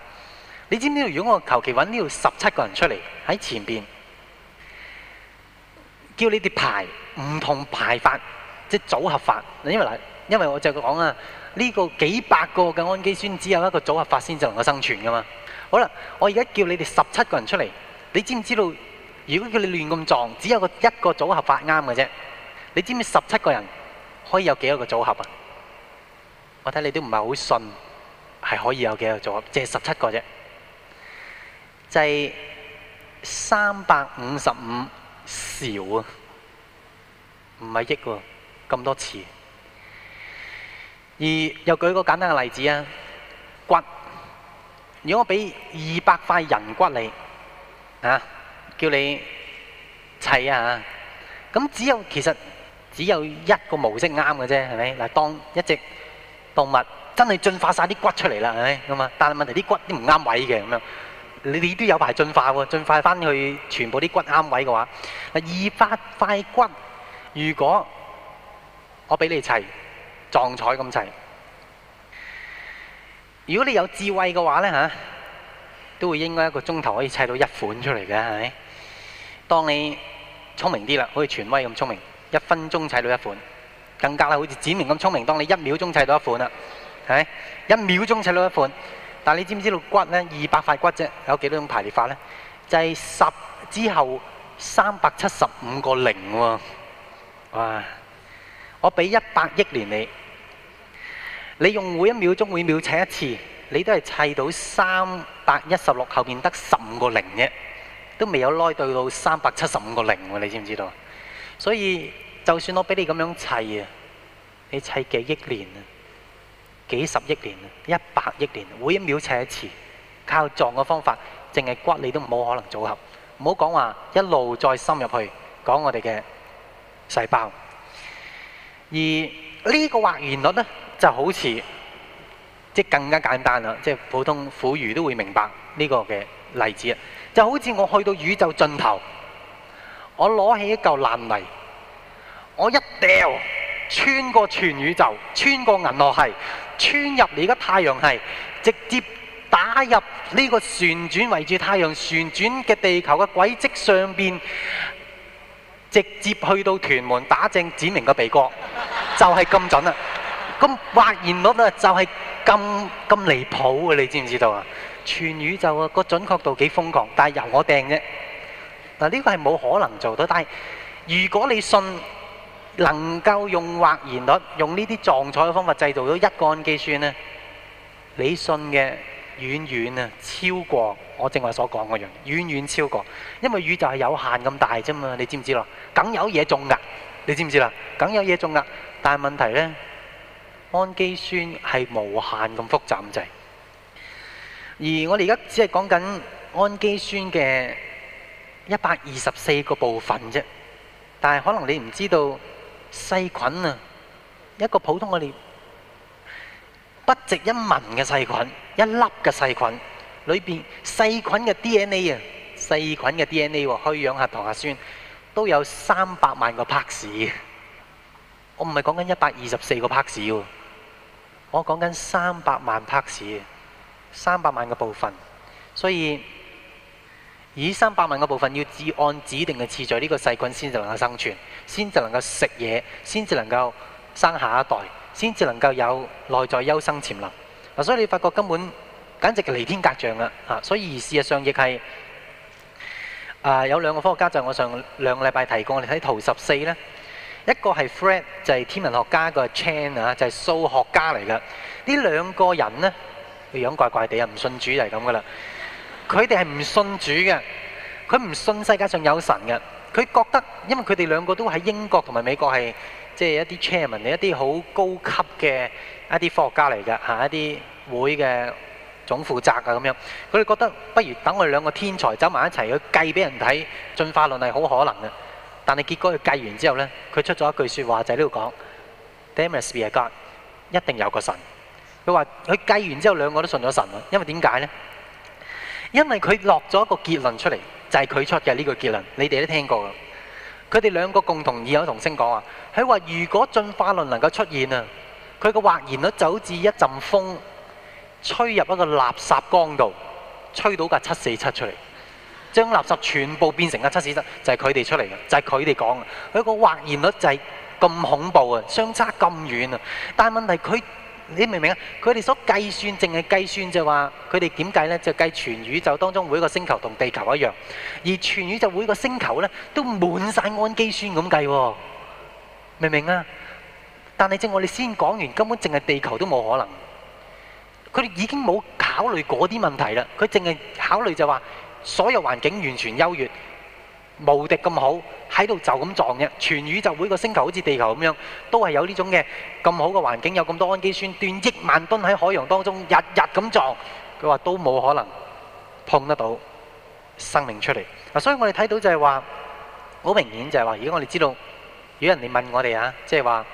Speaker 1: 你知唔知道？如果我求其揾呢度十七個人出嚟喺前邊，叫你哋排唔同排法，即係組合法。因為嗱，因為我就講啊，呢個幾百個嘅氨基酸只有一個組合法先至能夠生存噶嘛。好啦，我而家叫你哋十七個人出嚟，你知唔知道？如果叫你亂咁撞，只有個一個組合法啱嘅啫。你知唔知十七個人？可以有幾多個組合啊？我睇你都唔係好信，係可以有幾多個組合？即係十七個啫，就係三百五十五兆啊，唔係億喎，咁多次。而又舉個簡單嘅例子啊，骨。如果我俾二百塊人骨你啊，叫你砌啊，咁只有其實。只有一個模式啱嘅啫，係咪？嗱，當一隻動物真係進化曬啲骨出嚟啦，係咪？但係問題啲骨都唔啱位嘅咁樣，你你都有排進化喎，進化翻去全部啲骨啱位嘅話，二百塊骨，如果我俾你砌，撞彩咁砌，如果你有智慧嘅話咧嚇，都會應該一個鐘頭可以砌到一款出嚟嘅，係咪？當你聰明啲啦，好似權威咁聰明。一分鐘砌到一款，更加啦，好似剪明咁聰明。當你一秒鐘砌到一款啦，係咪？一秒鐘砌到一款，但係你知唔知道骨咧？二百塊骨啫，有幾多種排列法咧？就係十之後三百七十五個零喎！哇！我俾一百億年你，你用每一秒鐘每秒砌一次，你都係砌到三百一十六後面得十五個零啫，都未有耐到到三百七十五個零喎！你知唔知道？所以。就算我俾你咁樣砌啊，你砌幾億年啊，幾十億年啊，一百億年，每一秒砌一次，靠撞嘅方法，淨係骨你都冇可能組合。唔好講話一路再深入去講我哋嘅細胞。而呢個或然率呢，就好似即係更加簡單啦，即、就、係、是、普通婦孺都會明白呢個嘅例子，就好似我去到宇宙盡頭，我攞起一嚿爛泥。我一掉，穿過全宇宙，穿過銀河系，穿入你嘅太陽系，直接打入呢個旋轉圍住太陽旋轉嘅地球嘅軌跡上邊，直接去到屯門打正指明嘅鼻哥，就係、是、咁準啊！咁 發言率啊，就係咁咁離譜啊！你知唔知道啊？全宇宙啊，個準確度幾瘋狂，但係由我掟啫。嗱，呢個係冇可能做到，但係如果你信。能夠用或然率用呢啲撞彩嘅方法製造咗一個氨基酸呢，你信嘅遠遠啊，超過我正話所講嗰樣，遠遠超過。因為宇宙係有限咁大啫嘛，你知唔知咯？梗有嘢種噶，你知唔知啦？梗有嘢種噶。但係問題呢，氨基酸係無限咁複雜咁滯。而我哋而家只係講緊氨基酸嘅一百二十四個部分啫，但係可能你唔知道。細菌啊，一個普通嘅哋不值一文嘅細菌，一粒嘅細菌裏邊細菌嘅 DNA 啊，細菌嘅 DNA 喎，去氧核糖核酸都有三百萬個拍氏，我唔係講緊一百二十四個拍氏喎，我講緊三百萬拍氏，三百萬個部分，所以。以三百萬個部分要按指定嘅次序呢、呢個細菌先至能夠生存，先至能夠食嘢，先至能夠生下一代，先至能夠有內在優生潛能。嗱，所以你發覺根本簡直係離天格障啊！啊，所以而事實上亦係啊，有兩個科學家就係我上兩個禮拜提過，我哋睇圖十四咧，一個係 Fred 就係天文學家，個 Chan 啊就係數學家嚟噶。呢兩個人呢，個樣怪怪地啊，唔信主就係咁噶啦。佢哋係唔信主嘅，佢唔信世界上有神嘅。佢覺得，因為佢哋兩個都喺英國同埋美國係即係一啲 chairman，一啲好高級嘅一啲科學家嚟嘅，嚇一啲會嘅總負責啊咁樣。佢哋覺得不如等我哋兩個天才走埋一齊去計俾人睇，進化論係好可能嘅。但係結果佢計完之後呢，佢出咗一句説話就喺呢度講，Darwin is wrong，一定有個神。佢話佢計完之後兩個都信咗神啦，因為點解呢？因為佢落咗一個結論出嚟，就係、是、佢出嘅呢、這個結論，你哋都聽過噶。佢哋兩個共同異口同聲講啊，佢話如果進化論能夠出現啊，佢個或然率就好似一陣風吹入一個垃圾缸度，吹到個七四七出嚟，將垃圾全部變成個七四七，就係佢哋出嚟嘅，就係佢哋講嘅。佢個或然率就係咁恐怖啊，相差咁遠啊。但係問題佢。你明唔明啊？佢哋所計算淨係計算就話佢哋點計呢？就計全宇宙當中每一個星球同地球一樣，而全宇宙每一個星球呢，都滿晒氨基酸咁計、哦，明唔明啊？但係正我哋先講完，根本淨係地球都冇可能。佢哋已經冇考慮嗰啲問題啦，佢淨係考慮就話所有環境完全優越。無敵咁好喺度就咁撞嘅。全宇宙每個星球好似地球咁樣，都係有呢種嘅咁好嘅環境，有咁多氨基酸，斷億萬噸喺海洋當中日日咁撞，佢話都冇可能碰得到生命出嚟。嗱，所以我哋睇到就係話好明顯，就係話，如果我哋知道，如果人哋問我哋啊，即係話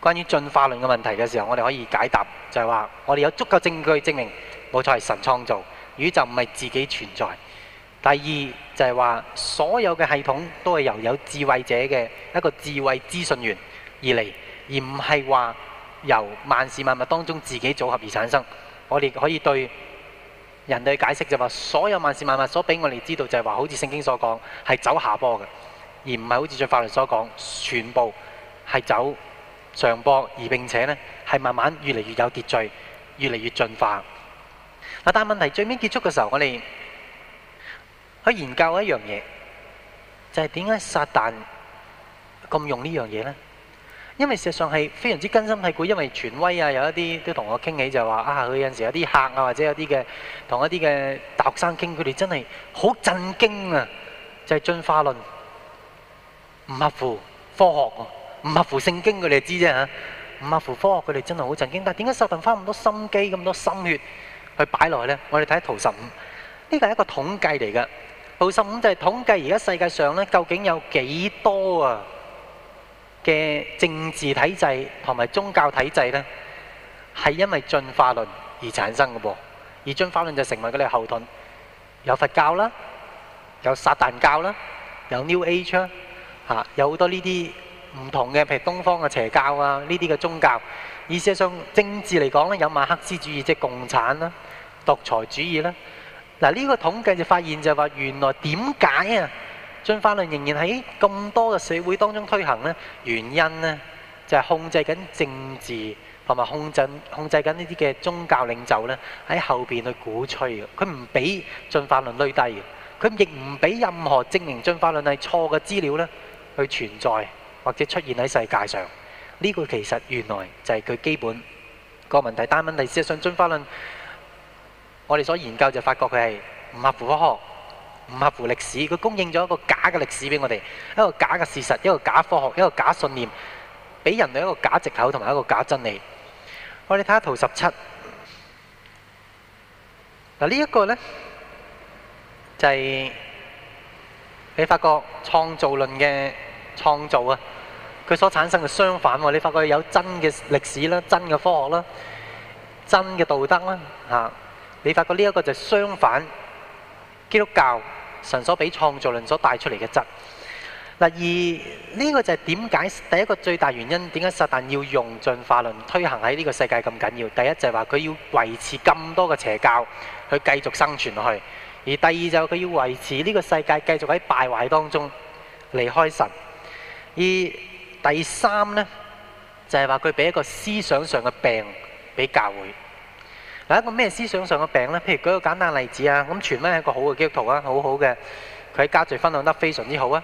Speaker 1: 關於進化論嘅問題嘅時候，我哋可以解答，就係話我哋有足夠證據證明冇錯係神創造，宇宙唔係自己存在。第二就係話，所有嘅系統都係由有智慧者嘅一個智慧資訊源而嚟，而唔係話由萬事萬物當中自己組合而產生。我哋可以對人類解釋就話，所有萬事萬物所俾我哋知道就係話，好似聖經所講，係走下坡嘅，而唔係好似在法律所講，全部係走上坡，而並且呢係慢慢越嚟越有秩序，越嚟越進化。但問題最尾結束嘅時候，我哋。佢研究一樣嘢就係點解撒旦咁用呢樣嘢咧？因為事實上係非常之根深蒂固。因為權威啊，有一啲都同我傾起就話啊，佢有陣時候有啲客啊，或者有啲嘅同一啲嘅大學生傾，佢哋真係好震驚啊！就係進化論唔合乎科學，唔合乎聖經，佢哋知啫嚇，唔合乎科學，佢哋真係好震驚。但係點解撒旦花咁多心機、咁多心血去擺落去咧？我哋睇圖十五，呢個係一個統計嚟嘅。圖十五就係統計而家世界上咧，究竟有幾多啊嘅政治體制同埋宗教體制咧，係因為進化論而產生嘅噃？而進化論就成為佢哋後盾。有佛教啦，有撒旦教啦，有 New Age 啦，嚇有好多呢啲唔同嘅，譬如東方嘅邪教啊，呢啲嘅宗教。而事實上政治嚟講咧，有馬克思主義即係共產啦、獨裁主義啦。嗱，呢個統計就發現就話，原來點解啊進化論仍然喺咁多嘅社會當中推行呢？原因呢，就係控制緊政治同埋控制控制緊呢啲嘅宗教領袖呢，喺後邊去鼓吹嘅。佢唔俾進化論趨低嘅，佢亦唔俾任何證明進化論係錯嘅資料呢去存在或者出現喺世界上。呢個其實原來就係佢基本個問題單文，但問題事實上進化論。我哋所研究就發覺佢係唔合乎科學，唔合乎歷史，佢供應咗一個假嘅歷史俾我哋，一個假嘅事實，一個假科學，一個假信念，俾人類一個假借口同埋一個假真理。我哋睇下圖十七，嗱，呢一個呢就係你發覺創造論嘅創造啊，佢所產生嘅相反喎，你發覺有真嘅歷史啦、真嘅科學啦、真嘅道德啦，吓。你發覺呢一個就係相反，基督教神所俾創造論所帶出嚟嘅質。嗱，而呢個就係點解第一個最大原因，點解撒但要用進化論推行喺呢個世界咁緊要？第一就係話佢要維持咁多嘅邪教去繼續生存落去；而第二就係佢要維持呢個世界繼續喺敗壞當中離開神；而第三呢就係話佢俾一個思想上嘅病俾教會。一個咩思想上嘅病呢？譬如舉個簡單例子啊，咁傳翻係一個好嘅基督徒啊，好好嘅，佢喺家聚會分享得非常之好啊。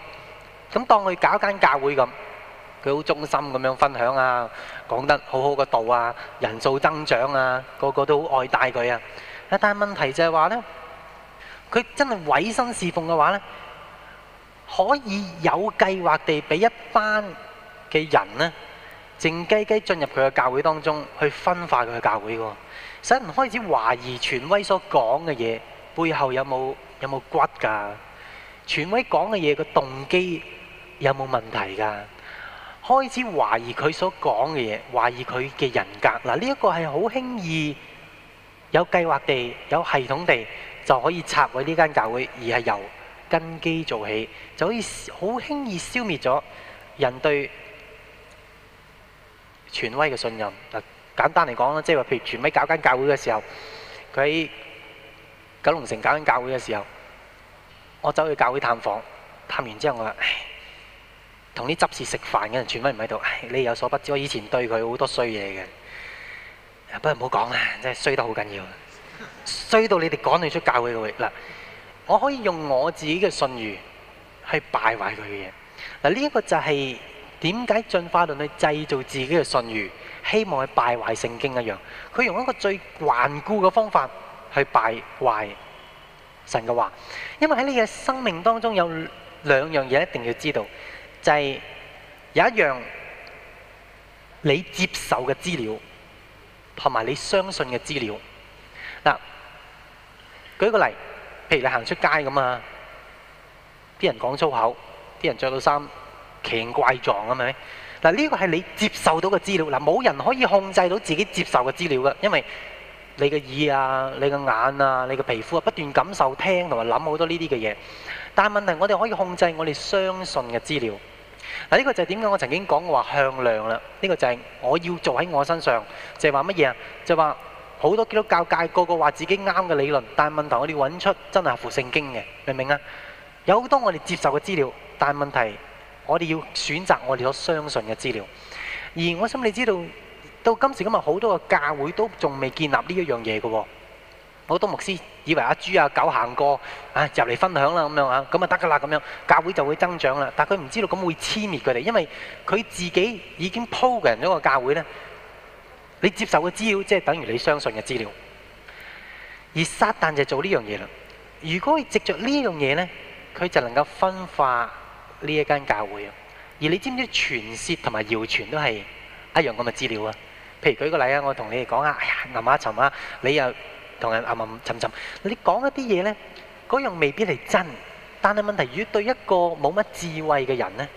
Speaker 1: 咁當佢搞間教會咁，佢好忠心咁樣分享啊，講得好好嘅道啊，人數增長啊，個個都好愛戴佢啊。但係問題就係話呢，佢真係委身侍奉嘅話呢，可以有計劃地俾一班嘅人呢，靜雞雞進入佢嘅教會當中，去分化佢嘅教會噶。使人開始懷疑權威所講嘅嘢背後有冇有冇骨㗎？權威講嘅嘢個動機有冇問題㗎？開始懷疑佢所講嘅嘢，懷疑佢嘅人格。嗱，呢一個係好輕易，有計劃地、有系統地就可以拆毀呢間教會，而係由根基做起，就可以好輕易消滅咗人對權威嘅信任。簡單嚟講啦，即係話，譬如傳威搞緊教會嘅時候，佢喺九龍城搞緊教會嘅時候，我走去教會探訪，探訪完之後我話：同啲執事食飯嘅人傳威唔喺度，你有所不知。我以前對佢好多衰嘢嘅，不過唔好講啦，真係衰得好緊要，衰到你哋趕你出教會嘅嗱。我可以用我自己嘅信譽去敗壞佢嘅嘢嗱。呢一個就係點解進化論去製造自己嘅信譽。希望去敗壞聖經一樣，佢用一個最頑固嘅方法去敗壞神嘅話，因為喺你嘅生命當中有兩樣嘢一定要知道，就係、是、有一樣你接受嘅資料同埋你相信嘅資料。嗱，舉個例，譬如你行出街咁啊，啲人講粗口，啲人着到衫奇形怪狀咁樣。是嗱，呢個係你接受到嘅資料。嗱，冇人可以控制到自己接受嘅資料嘅，因為你嘅耳啊、你嘅眼啊、你嘅皮膚啊不斷感受聽同埋諗好多呢啲嘅嘢。但係問題，我哋可以控制我哋相信嘅資料。嗱，呢個就係點解我曾經講過話向量啦。呢個就係我要做喺我身上，就係話乜嘢啊？就話好多基督教界個個話自己啱嘅理論，但係問題我哋揾出真係符聖經嘅，明唔明啊？有好多我哋接受嘅資料，但係問題。我哋要選擇我哋所相信嘅資料，而我心裏知道，到今時今日好多個教會都仲未建立呢一樣嘢嘅喎。好多牧師以為阿豬阿狗行過啊入嚟分享啦咁樣啊，咁啊得㗎啦咁樣，教會就會增長啦。但佢唔知道咁會殲滅佢哋，因為佢自己已經鋪緊一個教會呢，你接受嘅資料即係等於你相信嘅資料，而撒旦就做呢樣嘢啦。如果佢藉着呢樣嘢呢，佢就能夠分化。呢一間教會，而你知唔知傳說同埋謠傳都係一樣咁嘅資料啊？譬如舉個例啊，我同你哋講啊，哎呀，吟吟沉啊，你又同人吟吟沉沉，你講一啲嘢咧，嗰樣未必係真，但係問題係如果對一個冇乜智慧嘅人咧，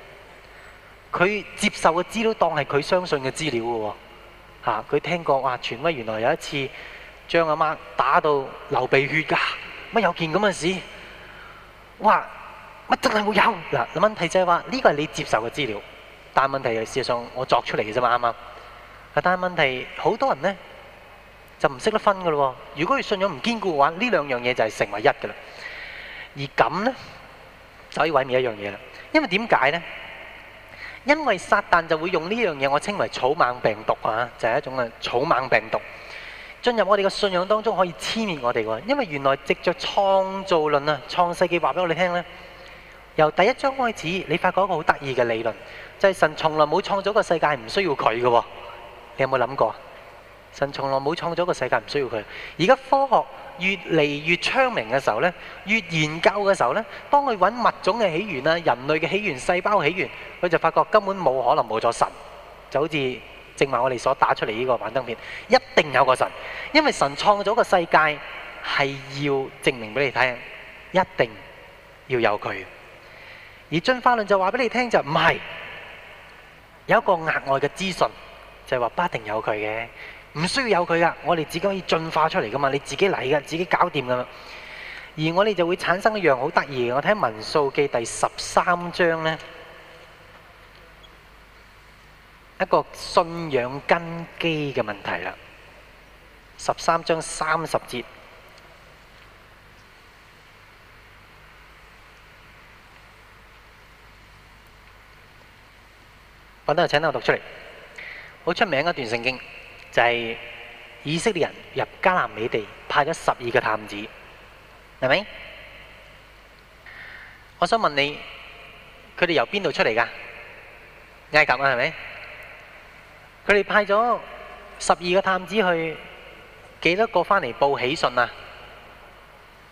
Speaker 1: 佢接受嘅資料當係佢相信嘅資料嘅喎，佢、啊、聽過哇，傳威，原來有一次將阿媽，媽打到流鼻血㗎，乜、啊、有件咁嘅事，哇！乜真係會有？嗱，問題就係話呢個係你接受嘅資料，但問題係事實上我作出嚟嘅啫嘛啱啱。但係問題好多人呢，就唔識得分噶咯。如果你信仰唔堅固嘅話，呢兩樣嘢就係成為一噶啦。而咁呢，就可以毀滅一樣嘢啦。因為點解呢？因為撒旦就會用呢樣嘢，我稱為草蜢病毒啊，就係一種草蜢病毒進入我哋嘅信仰當中，可以黐滅我哋。因為原來藉着創造論啊，創世記話俾我哋聽呢。由第一章開始，你發覺一個好得意嘅理論，就係神從來冇創造個世界唔需要佢嘅，你有冇諗過？神從來冇創造個世界唔需要佢。而家科學越嚟越昌明嘅時候呢，越研究嘅時候呢，當佢揾物種嘅起源啊、人類嘅起源、細胞起源，佢就發覺根本冇可能冇咗神，就好似正話我哋所打出嚟呢個幻燈片，一定有個神，因為神創造個世界係要證明俾你聽，一定要有佢。而進化論就話俾你聽就唔係，有一個額外嘅資訊，就係話不一定有佢嘅，唔需要有佢噶，我哋自己可以進化出嚟噶嘛，你自己嚟噶，自己搞掂噶嘛。而我哋就會產生一樣好得意嘅，我睇《民數記》第十三章咧，一個信仰根基嘅問題啦，十三章三十節。我都請我讀出嚟，好出名一段聖經就係以色列人入迦南美地派咗十二個探子，係咪？我想問你，佢哋由邊度出嚟噶？你係噉呀，係咪？佢哋派咗十二個探子去，幾多個翻嚟報喜訊啊？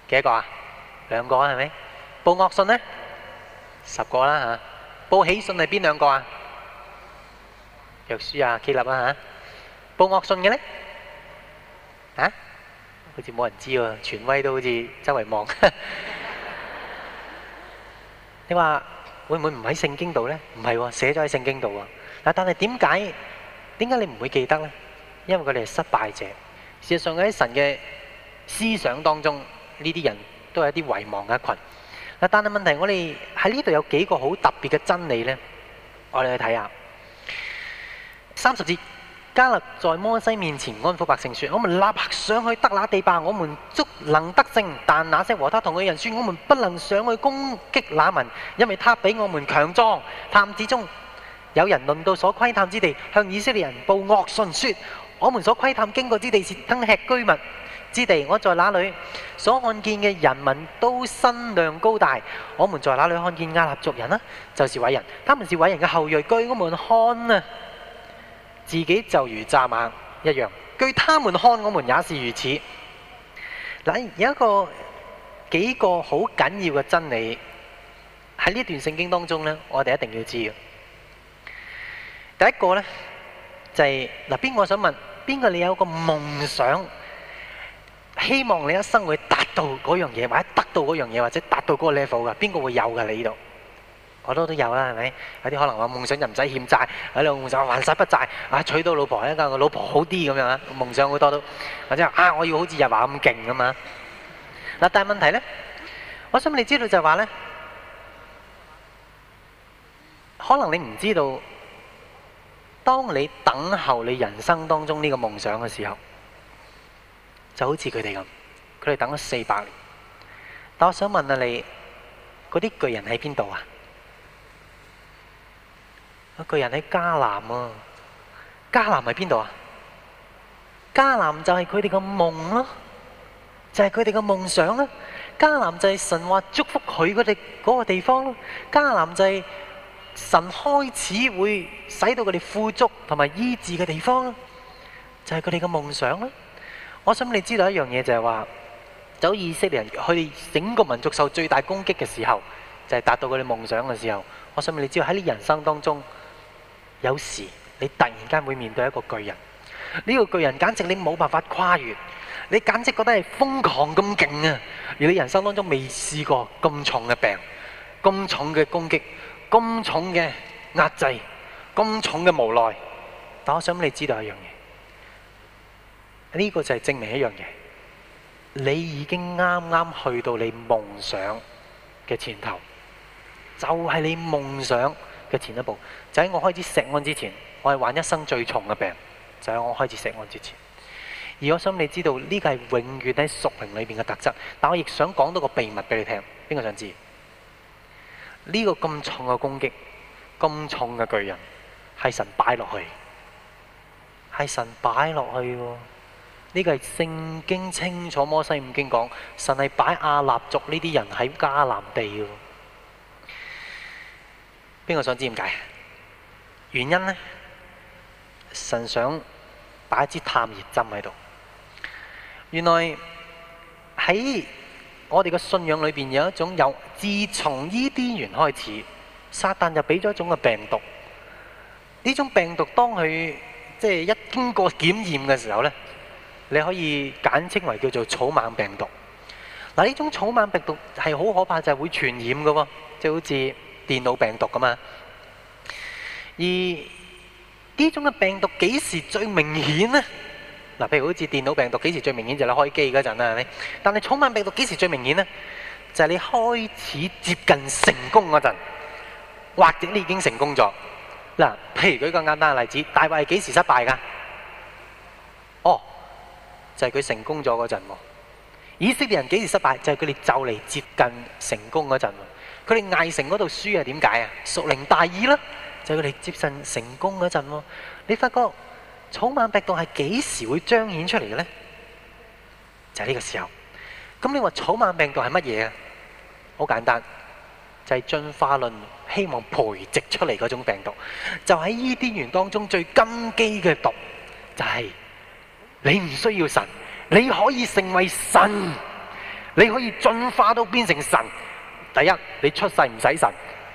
Speaker 1: 幾多個啊？兩個啊，係咪？報惡訊呢？十個啦吓。報喜訊係邊兩個啊？約書亞、基立啊吓，報惡信嘅咧，吓，好似冇人知喎，權威都好似周圍望。你話會唔會唔喺聖經度咧？唔係，寫咗喺聖經度啊！嗱，但係點解？點解你唔會記得咧？因為佢哋係失敗者。事實上喺神嘅思想當中，呢啲人都係一啲遺忘嘅一群。嗱，但係問題，我哋喺呢度有幾個好特別嘅真理咧，我哋去睇下。三十節迦勒在摩西面前安撫百姓，說：我們立刻上去得那地吧。我們足能得勝，但那些和他同去嘅人，說我們不能上去攻擊那民，因為他比我們強壯。探子中有人論到所窺探之地，向以色列人報惡訊，說：我們所窺探經過之地是吞吃居民之地。我在那裏所看見嘅人民都身量高大。我們在那裏看見亞納族人啊，就是偉人，他們是偉人嘅後裔。據我們看啊！自己就如蚱蜢一樣，據他們看，我們也是如此。嗱，有一個幾個好緊要嘅真理喺呢一段聖經當中呢，我哋一定要知嘅。第一個呢就係嗱，邊個想問？邊個你有一個夢想，希望你一生會達到嗰樣嘢，或者得到嗰樣嘢，或者達到嗰個 level 噶？邊個會有噶？你呢度？好多都有啦，係咪？有啲可能話夢想就唔使欠債，喺度夢想還晒筆債，啊，娶到老婆，一個個老婆好啲咁樣啊！夢想好多都，或者啊，我要好似日華咁勁啊嘛！嗱，但係問題咧，我想問你知道就係話咧，可能你唔知道，當你等候你人生當中呢個夢想嘅時候，就好似佢哋咁，佢哋等咗四百年。但我想問下你，嗰啲巨人喺邊度啊？一個人喺迦南啊，迦南喺邊度啊？迦南就係佢哋嘅夢咯，就係佢哋嘅夢想啦、啊。迦南就係神話祝福佢哋嗰個地方咯、啊。迦南就係神開始會使到佢哋富足同埋醫治嘅地方咯、啊，就係佢哋嘅夢想啦、啊。我想你知道一樣嘢就係話，就以色列人佢哋整個民族受最大攻擊嘅時候，就係、是、達到佢哋夢想嘅時候。我想你知道，喺你人生當中。有時你突然間會面對一個巨人，呢個巨人簡直你冇辦法跨越，你簡直覺得係瘋狂咁勁啊！而你人生當中未試過咁重嘅病，咁重嘅攻擊，咁重嘅壓制，咁重嘅無奈。但我想畀你知道一樣嘢，呢個就係證明一樣嘢，你已經啱啱去到你夢想嘅前頭，就係你夢想嘅前一步。就喺我開始食安之前，我係患一生最重嘅病。就喺我開始食安之前，而我心裏知道呢、這個係永遠喺熟命裏邊嘅特質。但我亦想講多個秘密俾你聽。邊個想知道？呢、這個咁重嘅攻擊，咁重嘅巨人，係神擺落去，係神擺落去的。呢、這個係聖經清楚，摩西五經講神係擺亞納族呢啲人喺迦南地。邊個想知點解？原因呢，神想擺支探熱針喺度。原來喺我哋嘅信仰裏邊，有一種有，自從伊甸園開始，撒旦就俾咗一種嘅病毒。呢種病毒當佢即係一經過檢驗嘅時候呢，你可以簡稱為叫做草蜢病毒。嗱，呢種草蜢病毒係好可怕就的，就係會傳染嘅，就好似電腦病毒咁啊。而呢種嘅病毒幾時最明顯咧？嗱，譬如好似電腦病毒，幾時最明顯就係你開機嗰陣啦，係咪？但係寵物病毒幾時最明顯咧？就係你開始接近成功嗰陣，或者你已經成功咗。嗱，譬如舉個簡單嘅例子，大衛係幾時失敗噶？哦，就係佢成功咗嗰陣喎。以色列人幾時失敗？就係佢哋就嚟接近成功嗰陣喎。佢哋艾城嗰度輸係點解啊？屬靈大意啦。在你接近成功嗰陣，你發覺草蜢病毒係幾時會彰顯出嚟嘅呢？就係呢個時候。咁你話草蜢病毒係乜嘢啊？好簡單，就係進化論希望培植出嚟嗰種病毒。就喺伊甸園當中最根基嘅毒，就係你唔需要神，你可以成為神，你可以進化到變成神。第一，你出世唔使神，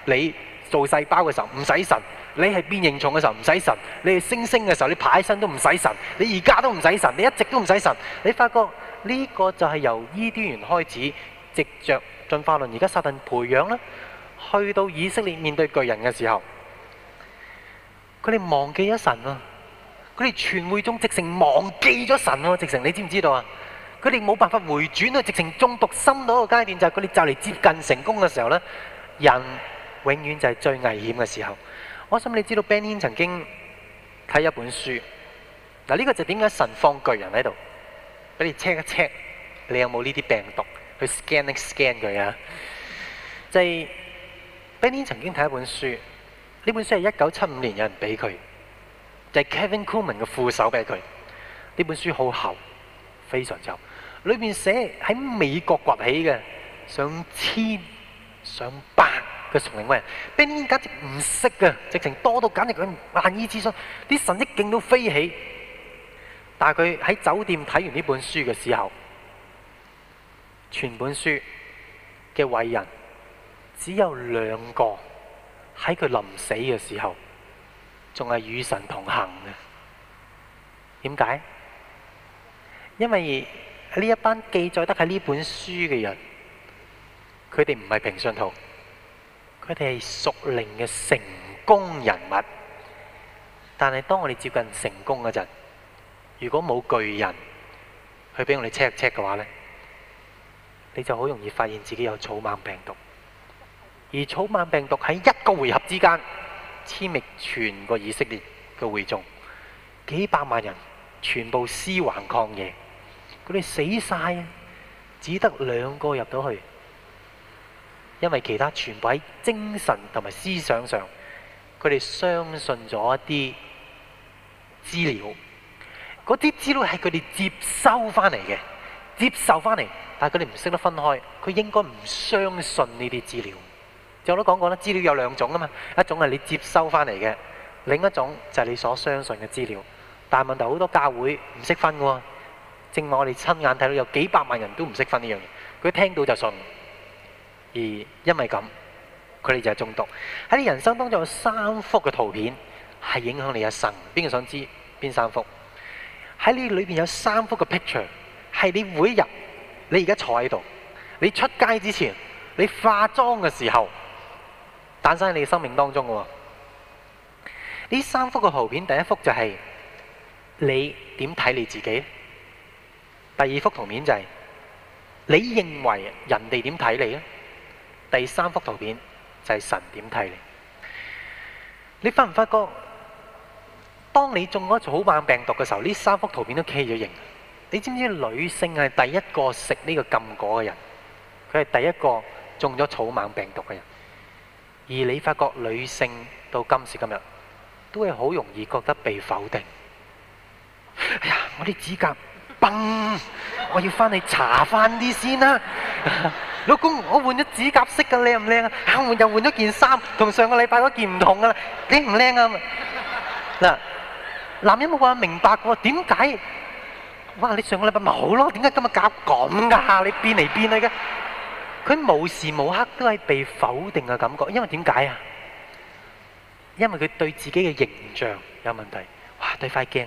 Speaker 1: 你。做細胞嘅時候唔使神，你係變形蟲嘅時候唔使神，你係星星嘅時候你爬起身都唔使神，你而家都唔使神，你一直都唔使神，你發覺呢個就係由伊甸園開始，直着進化論而家撒旦培養啦，去到以色列面對巨人嘅時候，佢哋忘記咗神啊。佢哋傳會中直情忘記咗神啊。直情你知唔知道啊？佢哋冇辦法回轉咯，直情中毒深到一個階段就係佢哋就嚟接近成功嘅時候呢。人。永遠就係最危險嘅時候。我想你知道 Benjamin 曾經睇一本書，嗱呢個就點解神放巨人喺度？俾你 check 一 check，你有冇呢啲病毒去 scan 一 scan 佢啊？就係 Benjamin 曾經睇一本書，呢本書係一九七五年有人俾佢，就係 Kevin Coolman 嘅副手俾佢。呢本書好厚，非常厚，裏邊寫喺美國崛起嘅上千上百。佢崇靈偉人，冰，冰簡直唔識啊，直情多到簡直佢難以置信，啲神力勁到飛起。但係佢喺酒店睇完呢本書嘅時候，全本書嘅偉人只有兩個喺佢臨死嘅時候仲係與神同行嘅。點解？因為呢一班記載得喺呢本書嘅人，佢哋唔係平信徒。佢哋係熟齡嘅成功人物，但係當我哋接近成功嗰陣，如果冇巨人去俾我哋 check check 嘅話呢，你就好容易發現自己有草蜢病毒。而草蜢病毒喺一個回合之間，殲滅全個以色列嘅會眾，幾百萬人全部屍橫曠野，佢哋死晒，只得兩個入到去。因為其他全部喺精神同埋思想上，佢哋相信咗一啲資料，嗰啲資料係佢哋接收翻嚟嘅，接受翻嚟，但係佢哋唔識得分開，佢應該唔相信呢啲資料。我都講過啦，資料有兩種啊嘛，一種係你接收翻嚟嘅，另一種就係你所相信嘅資料。但係問題好多教會唔識分喎，正話我哋親眼睇到有幾百萬人都唔識分呢樣嘢，佢聽到就信。而因為咁，佢哋就係中毒。喺你人生當中有三幅嘅圖片係影響你一生。邊個想知邊三幅？喺你裏面有三幅嘅 picture 係你每一日，你而家坐喺度，你出街之前，你化妝嘅時候，誕生喺你生命當中嘅喎。呢三幅嘅圖片，第一幅就係你點睇你自己咧？第二幅圖片就係你認為人哋點睇你咧？第三幅圖片就係、是、神點睇你？你發唔發覺？當你中咗草蜢病毒嘅時候，呢三幅圖片都 K 咗型。你知唔知道女性係第一個食呢個禁果嘅人？佢係第一個中咗草蜢病毒嘅人。而你發覺女性到今時今日都係好容易覺得被否定。哎呀，我啲指甲。崩！我要翻去查翻啲先啦，老公，我換咗指甲色嘅靚唔靚啊？我換又換咗件衫，同上個禮拜嗰件唔同噶啦，靚唔靚啊？嗱，男人冇話明白喎，點解？哇！你上個禮拜咪好咯，點解今日夾咁噶？你變嚟變去嘅，佢無時無刻都係被否定嘅感覺，因為點解啊？因為佢對自己嘅形象有問題。哇！對塊鏡。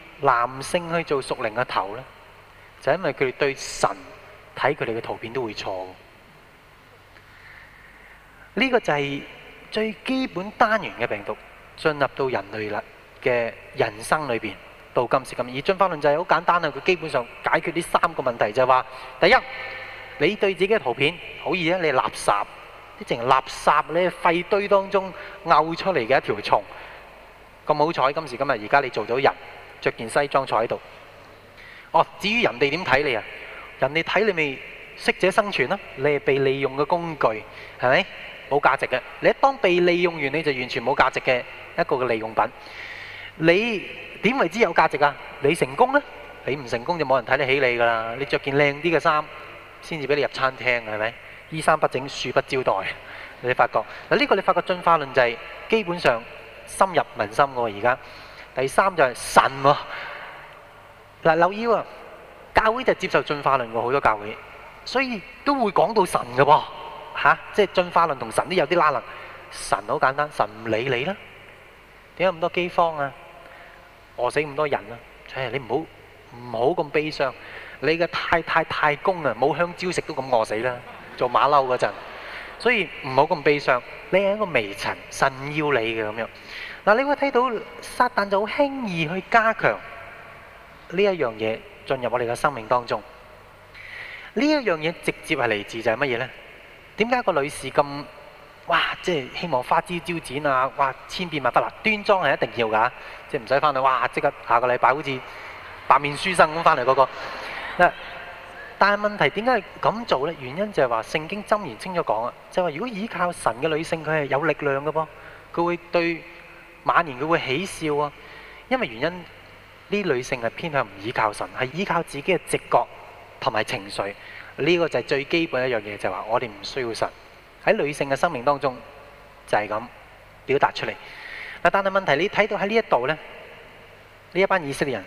Speaker 1: 男性去做熟靈嘅頭咧，就因為佢哋對神睇佢哋嘅圖片都會錯。呢個就係最基本單元嘅病毒進入到人類啦嘅人生裏邊到今時今日。而進化論就係好簡單啦，佢基本上解決呢三個問題就係話：第一，你對自己嘅圖片好易呀，你係垃圾啲，淨係垃圾，你喺廢堆當中嘔出嚟嘅一條蟲咁好彩，今時今日而家你做咗人。著件西裝坐喺度。哦，至於人哋點睇你啊？人哋睇你咪適者生存啦。你係被利用嘅工具，係咪？冇價值嘅。你一當被利用完，你就完全冇價值嘅一個嘅利用品。你點為之有價值啊？你成功呢。你唔成功就冇人睇得起你㗎喇。你著件靚啲嘅衫，先至俾你入餐廳嘅，係咪？衣衫不整，恕不招待。你發覺嗱，呢個你發覺進化論就係基本上深入民心喎，而家。第三就係神喎、啊，嗱留意喎、啊，教會就接受進化論喎、啊，好多教會，所以都會講到神嘅喎、啊，吓、啊，即係進化論同神都有啲拉楞。神好簡單，神唔理你啦，點解咁多饑荒啊？餓死咁多人啦，誒你唔好唔好咁悲傷，你嘅太太太公啊，冇香蕉食都咁餓死啦，做馬騮嗰陣，所以唔好咁悲傷，你係一個微塵，神要你嘅咁樣。嗱，你會睇到撒旦就好輕易去加強呢一樣嘢進入我哋嘅生命當中。呢一樣嘢直接係嚟自就係乜嘢呢？點解個女士咁哇？即係希望花枝招展啊！哇，千變萬化啦，端莊係一定要㗎，即係唔使翻去哇！即刻下個禮拜好似白面書生咁翻嚟嗰個。啊、但係問題點解咁做呢？原因就係話聖經箴言清楚講啊，就係話如果依靠神嘅女性，佢係有力量嘅噃，佢會對。晚年佢會起笑啊，因為原因，呢女性係偏向唔依靠神，係依靠自己嘅直覺同埋情緒。呢、這個就係最基本的一樣嘢，就係、是、話我哋唔需要神喺女性嘅生命當中就係咁表達出嚟。但係問題是你睇到喺呢一度呢，呢一班以色列人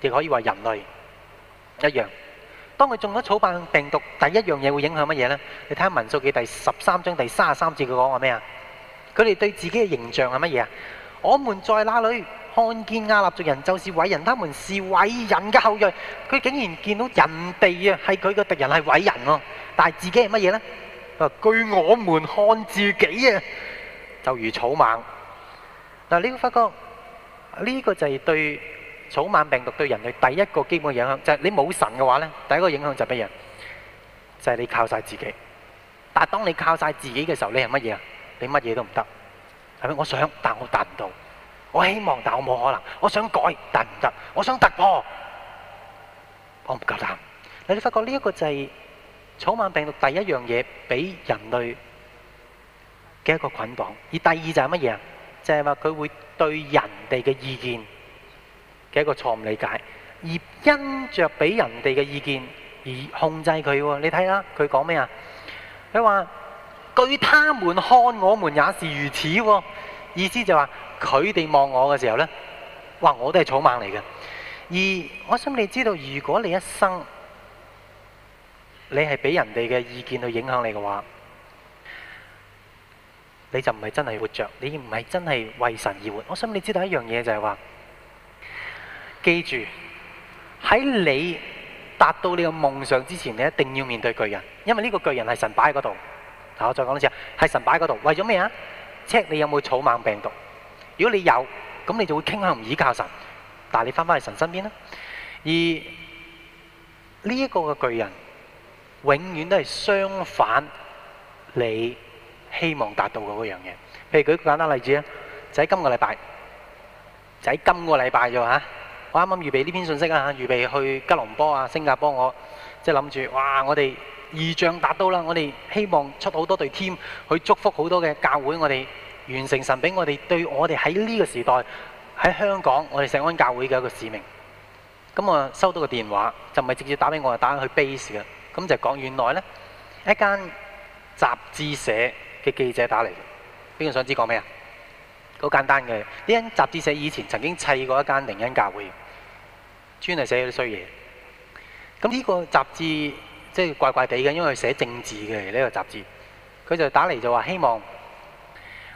Speaker 1: 亦可以話人類一樣。當佢中咗草瓣病毒，第一樣嘢會影響乜嘢呢？你睇下民數記第十三章第三十三節，佢講話咩啊？佢哋對自己嘅形象係乜嘢啊？我們在那裏看見亞納族人就是偉人，他們是偉人嘅後裔。佢竟然見到人哋啊係佢嘅敵人係偉人咯，但係自己係乜嘢咧？據我們看自己啊，就如草蜢。嗱，你會發覺呢個就係對草蜢病毒對人類第一個基本嘅影響，就係你冇神嘅話咧，第一個影響就係乜嘢？就係你靠曬自己。但係當你靠曬自己嘅時候，你係乜嘢啊？你乜嘢都唔得，係咪？我想，但我達唔到；我希望，但我冇可能；我想改，但唔得；我想突破，我唔夠膽，你哋發覺呢一個就係草蜢病毒第一樣嘢，俾人類嘅一個捆綁；而第二就係乜嘢啊？就係話佢會對人哋嘅意見嘅一個錯誤理解，而因著俾人哋嘅意見而控制佢。你睇啦，佢講咩啊？佢話。據他們看，我們也是如此，哦，意思就話佢哋望我嘅時候呢，哇，我都係草蜢嚟嘅。而我想你知道，如果你一生你係俾人哋嘅意見去影響你嘅話，你就唔係真係活着，你唔係真係為神而活。我想你知道一樣嘢就係話，記住喺你達到你嘅夢想之前，你一定要面對巨人，因為呢個巨人係神擺喺嗰度。啊！我再講一次啊，係神擺喺嗰度，為咗咩啊？check 你有冇草蜢病毒。如果你有，咁你就會傾向唔倚靠神。但係你翻返去神身邊啦。而呢一個嘅巨人，永遠都係相反你希望達到嘅嗰樣嘢。譬如舉一個簡單例子啊，就喺今個禮拜，就喺今個禮拜啫吓。我啱啱預備呢篇信息啊，預備去吉隆坡啊、新加坡，我即係諗住哇，我哋。意象達到啦！我哋希望出好多隊 team 去祝福好多嘅教會，我哋完成神俾我哋對我哋喺呢個時代喺香港我哋聖安教會嘅一個使命。咁我收到個電話，就唔係直接打俾我，啊打去 base 㗎。咁就講原來呢一間雜誌社嘅記者打嚟，邊個想知講咩啊？好簡單嘅，呢間雜誌社以前曾經砌過一間靈恩教會，專係寫啲衰嘢。咁呢個雜誌。即係怪怪地嘅，因為佢寫政治嘅呢個雜誌，佢就打嚟就話希望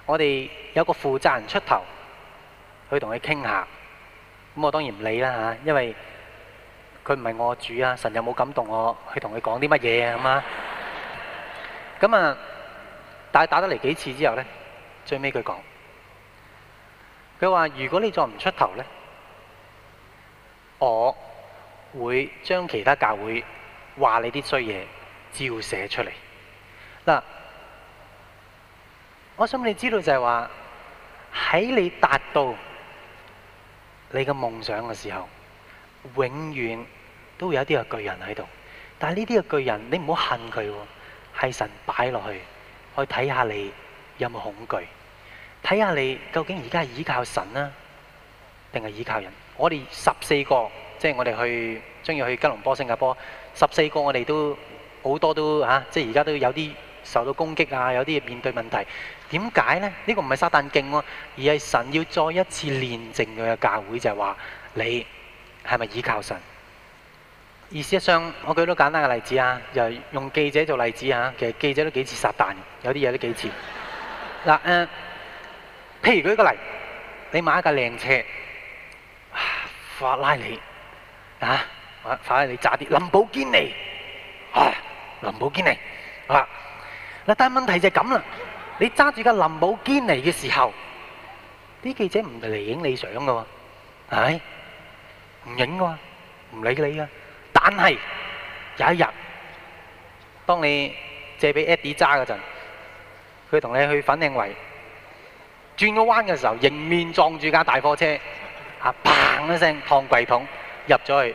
Speaker 1: 我哋有個負責人出頭去同佢傾下，咁我當然唔理啦嚇，因為佢唔係我主啊，神又冇感動我去同佢講啲乜嘢啊咁啊，咁啊，但係打得嚟幾次之後咧，最尾佢講，佢話：如果你再唔出頭咧，我會將其他教會。話你啲衰嘢，照寫出嚟嗱、啊。我想你知道就係話，喺你達到你嘅夢想嘅時候，永遠都有一啲嘅巨人喺度。但係呢啲嘅巨人，你唔好恨佢，係神擺落去去睇下你有冇恐懼，睇下你究竟而家係倚靠神啦，定係依靠人？我哋十四個，即係我哋去，鍾意去吉隆坡、新加坡。十四個我哋都好多都嚇、啊，即係而家都有啲受到攻擊啊，有啲面對問題，點解呢？呢、這個唔係撒但勁喎、啊，而係神要再一次煉淨佢嘅教會，就係、是、話你係咪倚靠神？意思上，我舉多簡單嘅例子啊，又、就是、用記者做例子啊，其實記者都幾似撒但，有啲嘢都幾似。嗱、啊呃、譬如舉個例，你買一架靚車、啊，法拉利啊！快啲你揸啲林寶堅尼，啊林寶堅尼，啊嗱！但係問題就係咁啦，你揸住架林寶堅尼嘅時候，啲記者唔嚟影你相噶，係咪？唔影噶，唔理你噶。但係有一日，當你借俾 Eddie 揸嗰陣，佢同你去粉嶺圍轉個彎嘅時候，迎面撞住架大貨車，啊砰一聲，燙櫃桶入咗去。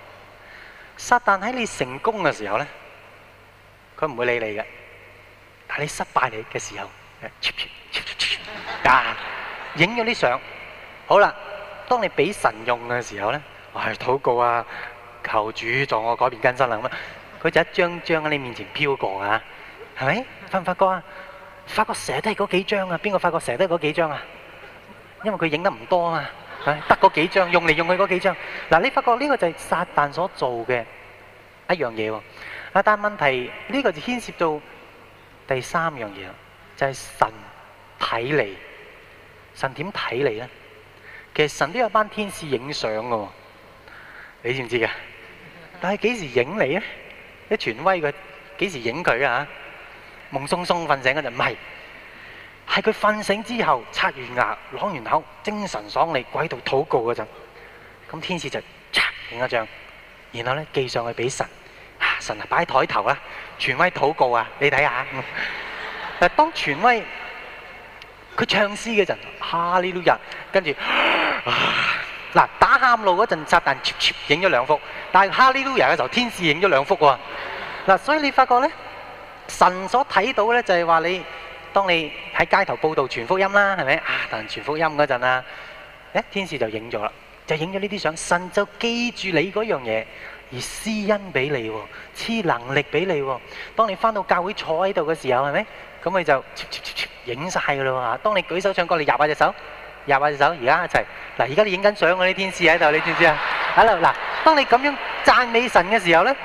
Speaker 1: 撒但喺你成功嘅時候咧，佢唔會理你嘅；但係你失敗你嘅時候，影咗啲相。好啦，當你俾神用嘅時候咧，我係禱告啊，求主助我改變更新啊咁啊，佢就一張張喺你面前飄過啊，係咪？發唔發覺啊？發覺成日都係嗰幾張啊？邊個發覺成日都係嗰幾張啊？因為佢影得唔多啊嘛。得嗰幾張用嚟用去嗰幾張，嗱你發覺呢個就係撒旦所做嘅一樣嘢喎，但係問題呢個就牽涉到第三樣嘢，就係神睇你，神點睇你咧？其實神都有班天使影相噶，你知唔知噶？但係幾時影你咧？啲權威佢幾時影佢啊？夢鬆鬆瞓醒嗰陣唔係。係佢瞓醒之後，刷完牙、攞完口，精神爽利，跪喺度禱告嗰陣，咁天使就嚓影一張，然後咧寄上去俾神。神啊擺喺台頭啊，權威禱告啊，你睇下。嗱，當權威佢唱詩嗰陣，哈利路亞，跟住嗱打喊路嗰陣，撒旦撮撮影咗兩幅，但哈利路亞嘅時候，天使影咗兩幅喎。嗱，所以你發覺咧，神所睇到咧就係話你。當你喺街頭報道傳福音啦，係咪啊？當傳福音嗰陣啊，誒天使就影咗啦，就影咗呢啲相，神就記住你嗰樣嘢，而施恩俾你，施能力俾你。當你翻到教會坐喺度嘅時候，係咪咁？佢就影曬㗎啦。當你舉手唱歌，你入下隻手，入下隻手。而家一齊嗱，而家你影緊相㗎啲天使喺度，你知唔知啊？喺度！嗱，當你咁樣讚美神嘅時候咧，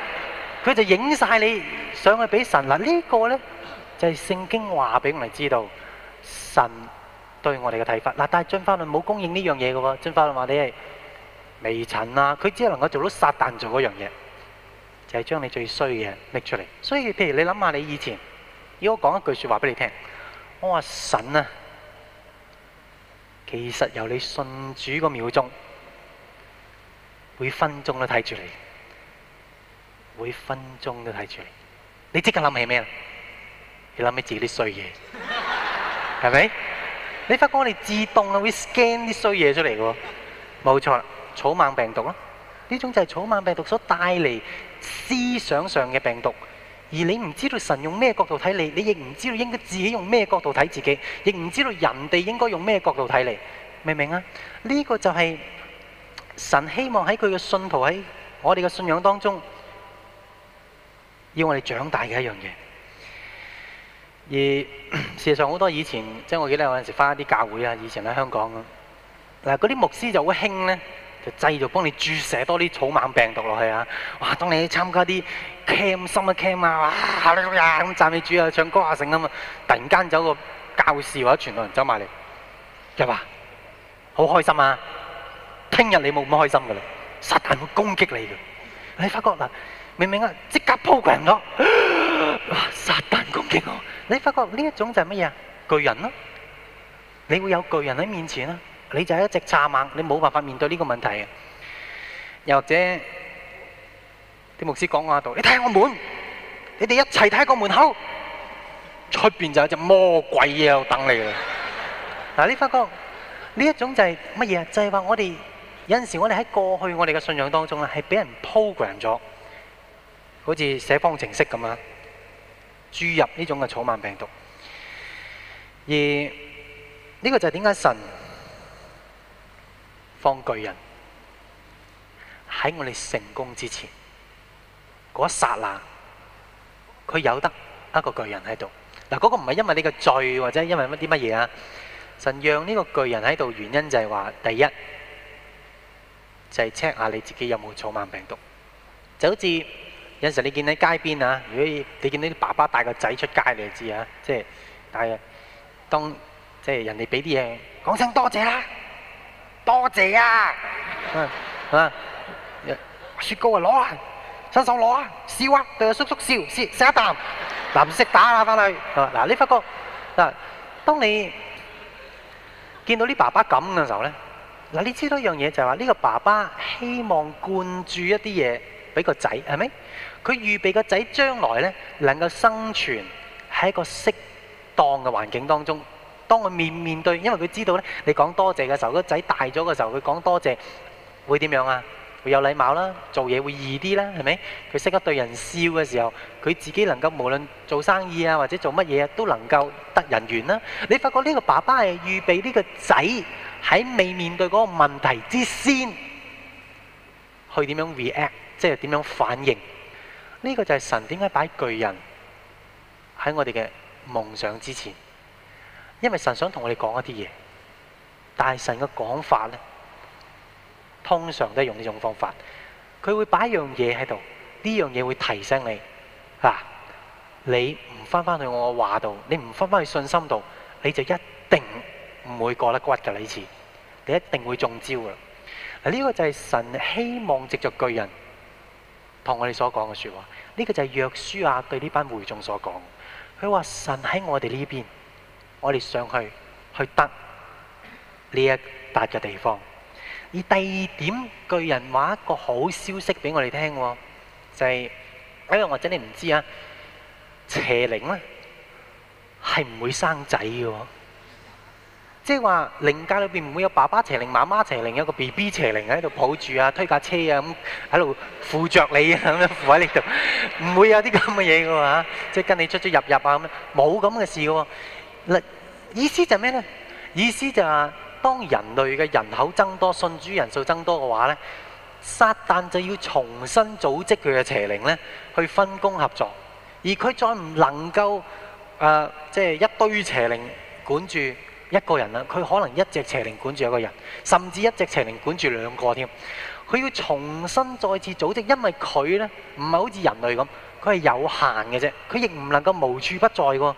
Speaker 1: 佢就影曬你上去俾神嗱呢個咧。就係、是、聖經話俾我哋知道，神對我哋嘅睇法。嗱，但係進化論冇供應呢樣嘢嘅喎，進化論話你係微塵啦。佢只係能夠做到撒旦做嗰樣嘢，就係、是、將你最衰嘅拎出嚟。所以，譬如你諗下你以前，如果我講一句説話俾你聽。我話神啊，其實由你信主個秒鐘，每分鐘都睇住你，每分鐘都睇住你。你即刻諗起咩？你諗起自己啲衰嘢，係咪？你發覺我哋自動啊，會 scan 啲衰嘢出嚟嘅喎，冇錯啦。草蜢病毒啦，呢種就係草蜢病毒所帶嚟思想上嘅病毒，而你唔知道神用咩角度睇你，你亦唔知道應該自己用咩角度睇自己，亦唔知道人哋應該用咩角度睇你，明唔明啊？呢個就係神希望喺佢嘅信徒喺我哋嘅信仰當中，要我哋長大嘅一樣嘢。而事實上好多以前，即係我記得有陣時返一啲教會啊，以前喺香港啊。嗱嗰啲牧師就好興咧，就製造幫你注射多啲草蜢病毒落去啊！哇，當你去參加啲 camp、summer camp 啊，哇，咁讚你主啊，唱歌啊成咁啊，突然間走個教士或者傳道人走埋嚟，就話好開心啊！聽日你冇咁開心㗎啦，撒旦會攻擊你㗎！你發覺嗱，明明啊，即刻鋪腳囉，撒旦攻擊我。你發覺呢一種就係乜嘢啊？巨人咯，你會有巨人喺面前啦，你就係一隻蚱蜢，你冇辦法面對呢個問題嘅。又或者啲牧師講話度，你睇我門，你哋一齊睇個門口，出邊就有一隻魔鬼嘢等你啦。嗱，你發覺呢一種就係乜嘢啊？就係話我哋有陣時我哋喺過去我哋嘅信仰當中啊，係俾人 program 咗，好似寫方程式咁樣啊。注入呢種嘅草蜢病毒，而呢個就係點解神放巨人喺我哋成功之前嗰一剎那，佢有得一個巨人喺度。嗱，嗰個唔係因為你嘅罪或者因為乜啲乜嘢啊，神讓呢個巨人喺度原因就係話，第一就係 check 下你自己有冇草蜢病毒，就好似。有時你見喺街邊啊，如果你見到啲爸爸帶個仔出街，你就知啊，即係帶當即係人哋俾啲嘢，講聲多謝啦，多謝啊，係嘛？雪糕啊，攞啊，伸手攞啊，笑啊，對佢叔叔笑，食食一啖，嗱藍色打下翻去，嗱你發覺嗱，當你見到啲爸爸咁嘅時候咧，嗱你知道一樣嘢就係話呢個爸爸希望灌注一啲嘢俾個仔，係咪？佢預備個仔將來呢能夠生存喺一個適當嘅環境當中。當佢面面對，因為佢知道呢，你講多謝嘅時候，個仔大咗嘅時候，佢講多謝會點樣啊？會有禮貌啦，做嘢會易啲啦，係咪？佢識得對人笑嘅時候，佢自己能夠無論做生意啊或者做乜嘢啊，都能夠得人緣啦。你發覺呢個爸爸係預備呢個仔喺未面對嗰個問題之前，去點樣 react，即係點樣反應。呢個就係神點解擺巨人喺我哋嘅夢想之前，因為神想同我哋講一啲嘢，但係神嘅講法呢，通常都係用呢種方法，佢會擺一樣嘢喺度，呢樣嘢會提醒你，嗱，你唔翻翻去我嘅話度，你唔翻翻去信心度，你就一定唔會過得骨噶，呢次，你一定會中招噶，嗱，呢個就係神希望藉着巨人。同我哋所講嘅説話，呢、這個就係約書亞對呢班會眾所講。佢話神喺我哋呢邊，我哋上去去得呢一笪嘅地方。而第二點，巨人話一個好消息俾我哋聽，就係、是：因為我真係唔知啊，邪靈咧係唔會生仔嘅。即係話，靈界裏邊唔會有爸爸邪靈、媽媽邪靈，有個 BB 邪靈喺度抱住啊、推架車啊，咁喺度扶着你啊，咁樣扶喺你度，唔 會有啲咁嘅嘢嘅喎。即係跟你出出入入啊，咁樣冇咁嘅事嘅喎。意思就咩呢？意思就話、是，當人類嘅人口增多、信主人數增多嘅話呢，撒旦就要重新組織佢嘅邪靈呢，去分工合作，而佢再唔能夠即係、呃就是、一堆邪靈管住。一個人啦，佢可能一隻邪靈管住一個人，甚至一隻邪靈管住兩個添。佢要重新再次組織，因為佢呢唔係好似人類咁，佢係有限嘅啫。佢亦唔能夠無處不在喎。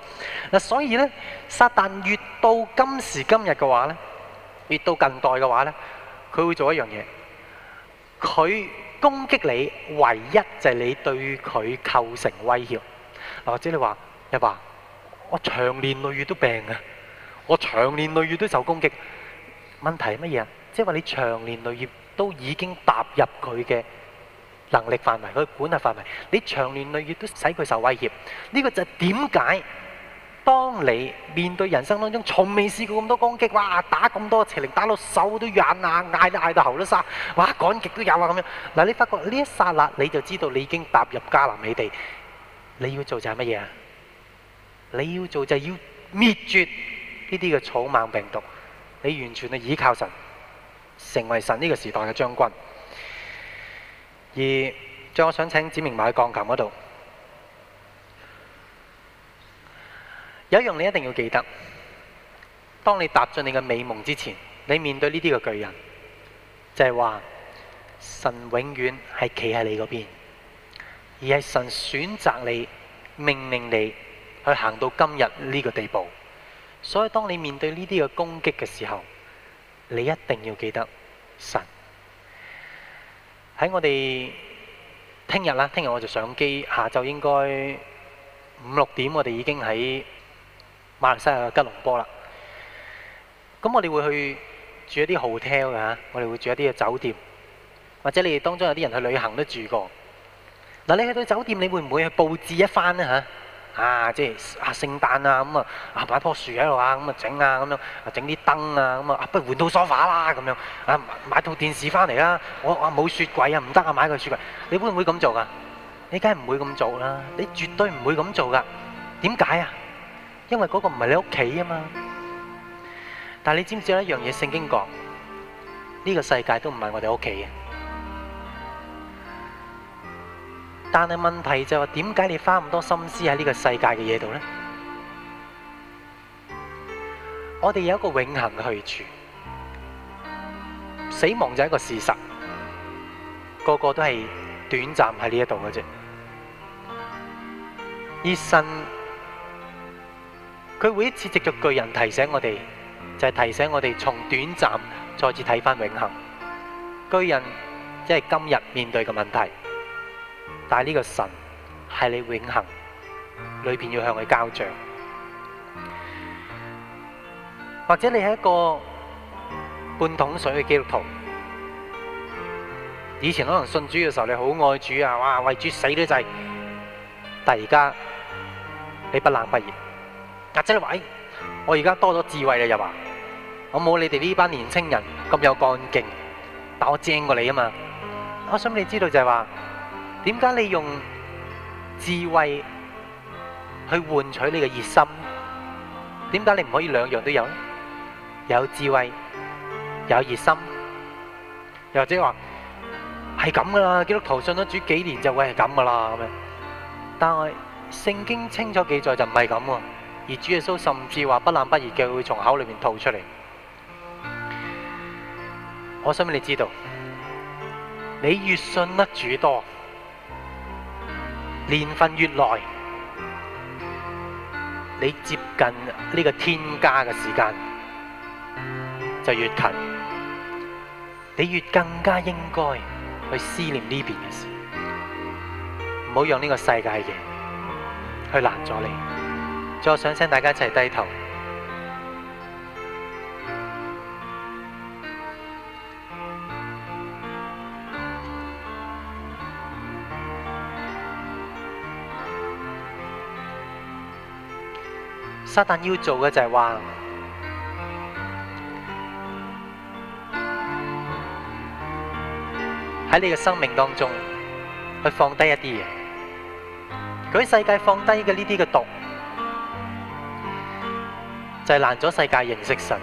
Speaker 1: 嗱，所以呢，撒旦越到今時今日嘅話呢，越到近代嘅話呢，佢會做一樣嘢。佢攻擊你，唯一就係你對佢構成威脅，或者你話，你話，阿爸，我長年累月都病啊！我長年累月都受攻擊，問題係乜嘢啊？即係話你長年累月都已經踏入佢嘅能力範圍、佢嘅管轄範圍，你長年累月都使佢受威脅，呢個就係點解？當你面對人生當中從未試過咁多攻擊，哇！打咁多邪靈，打到手都軟啊，嗌都嗌到喉都沙，哇！趕極都有啊咁樣。嗱，你發覺呢一剎那你就知道你已經踏入迦南地你要做什麼，你要做就係乜嘢啊？你要做就係要滅絕。呢啲嘅草蜢病毒，你完全係依靠神，成為神呢個時代嘅將軍。而再我想請指明埋去鋼琴嗰度，有一樣你一定要記得：當你踏進你嘅美夢之前，你面對呢啲嘅巨人，就係話神永遠係企喺你嗰邊，而係神選擇你，命令你去行到今日呢個地步。所以，當你面對呢啲嘅攻擊嘅時候，你一定要記得神。喺我哋聽日啦，聽日我就上機，下晝應該五六點，我哋已經喺馬來西亞嘅吉隆坡啦。咁我哋會去住一啲 hotel 㗎，我哋會住一啲嘅酒店，或者你哋當中有啲人去旅行都住過。嗱，你去到酒店，你會唔會去佈置一番呢？嚇？啊，即係啊，聖誕啊，咁啊，啊擺棵樹喺度啊，咁啊整啊，咁樣啊，整啲燈啊，咁啊，不如換套梳化啦，咁樣啊，買套電視翻嚟啦。我我冇雪櫃啊，唔得啊，買個雪櫃，你會唔會咁做噶？你梗係唔會咁做啦，你絕對唔會咁做噶點解啊？因為嗰個唔係你屋企啊嘛。但係你知唔知有一樣嘢聖經講，呢個世界都唔係我哋屋企嘅。但係問題就係點解你花咁多心思喺呢個世界嘅嘢度咧？我哋有一個永恒嘅去處，死亡就係一個事實，個個都係短暫喺呢一度嘅啫。而神，佢每一次藉着巨人提醒我哋，就係提醒我哋從短暫再次睇翻永恒。巨人即係今日面對嘅問題。但係呢個神係你永恒裏邊要向佢交賬，或者你係一個半桶水嘅基督徒，以前可能信主嘅時候你好愛主啊，哇，為主死都制，但係而家你不冷不熱，或者你話我而家多咗智慧啦，又話我冇你哋呢班年青人咁有幹勁，但我精過你啊嘛，我想你知道就係話。點解你用智慧去換取你嘅熱心？點解你唔可以兩樣都有咧？有智慧，有熱心，又或者話係咁噶啦？基督徒信咗主幾年就會係咁噶啦咁樣。但係聖經清楚記載就唔係咁喎，而主耶穌甚至話不冷不熱嘅會從口裏面吐出嚟。我想俾你知道，你越信得主多。年份越耐，你接近呢個天家嘅時間就越近，你越更加應該去思念呢邊嘅事，唔好讓呢個世界嘅去攔咗你。再想請大家一齊低頭。撒但要做嘅就係話喺你嘅生命當中去放低一啲嘢，佢喺世界放低嘅呢啲嘅毒就係攔咗世界認識神。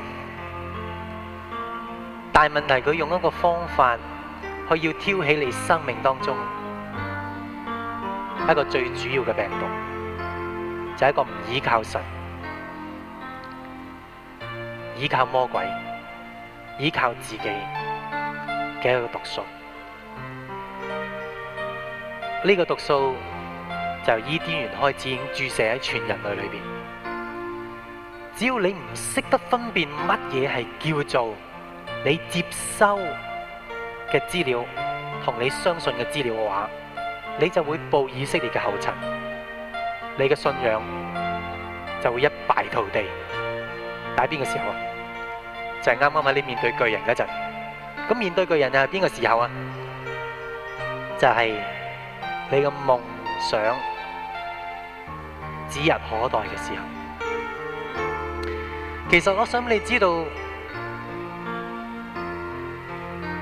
Speaker 1: 大問題，佢用一個方法去要挑起你生命當中一個最主要嘅病毒，就係、是、一個唔依靠神。依靠魔鬼，依靠自己嘅一個毒素。呢、這個毒素就伊甸園開始已經注射喺全人類裏邊。只要你唔識得分辨乜嘢係叫做你接收嘅資料同你相信嘅資料嘅話，你就會步以色列嘅後塵，你嘅信仰就會一敗塗地。喺邊個時候啊？就係啱啱喺你面對巨人嗰陣。咁面對巨人又係邊個時候啊？就係你嘅夢想指日可待嘅時候。其實我想你知道，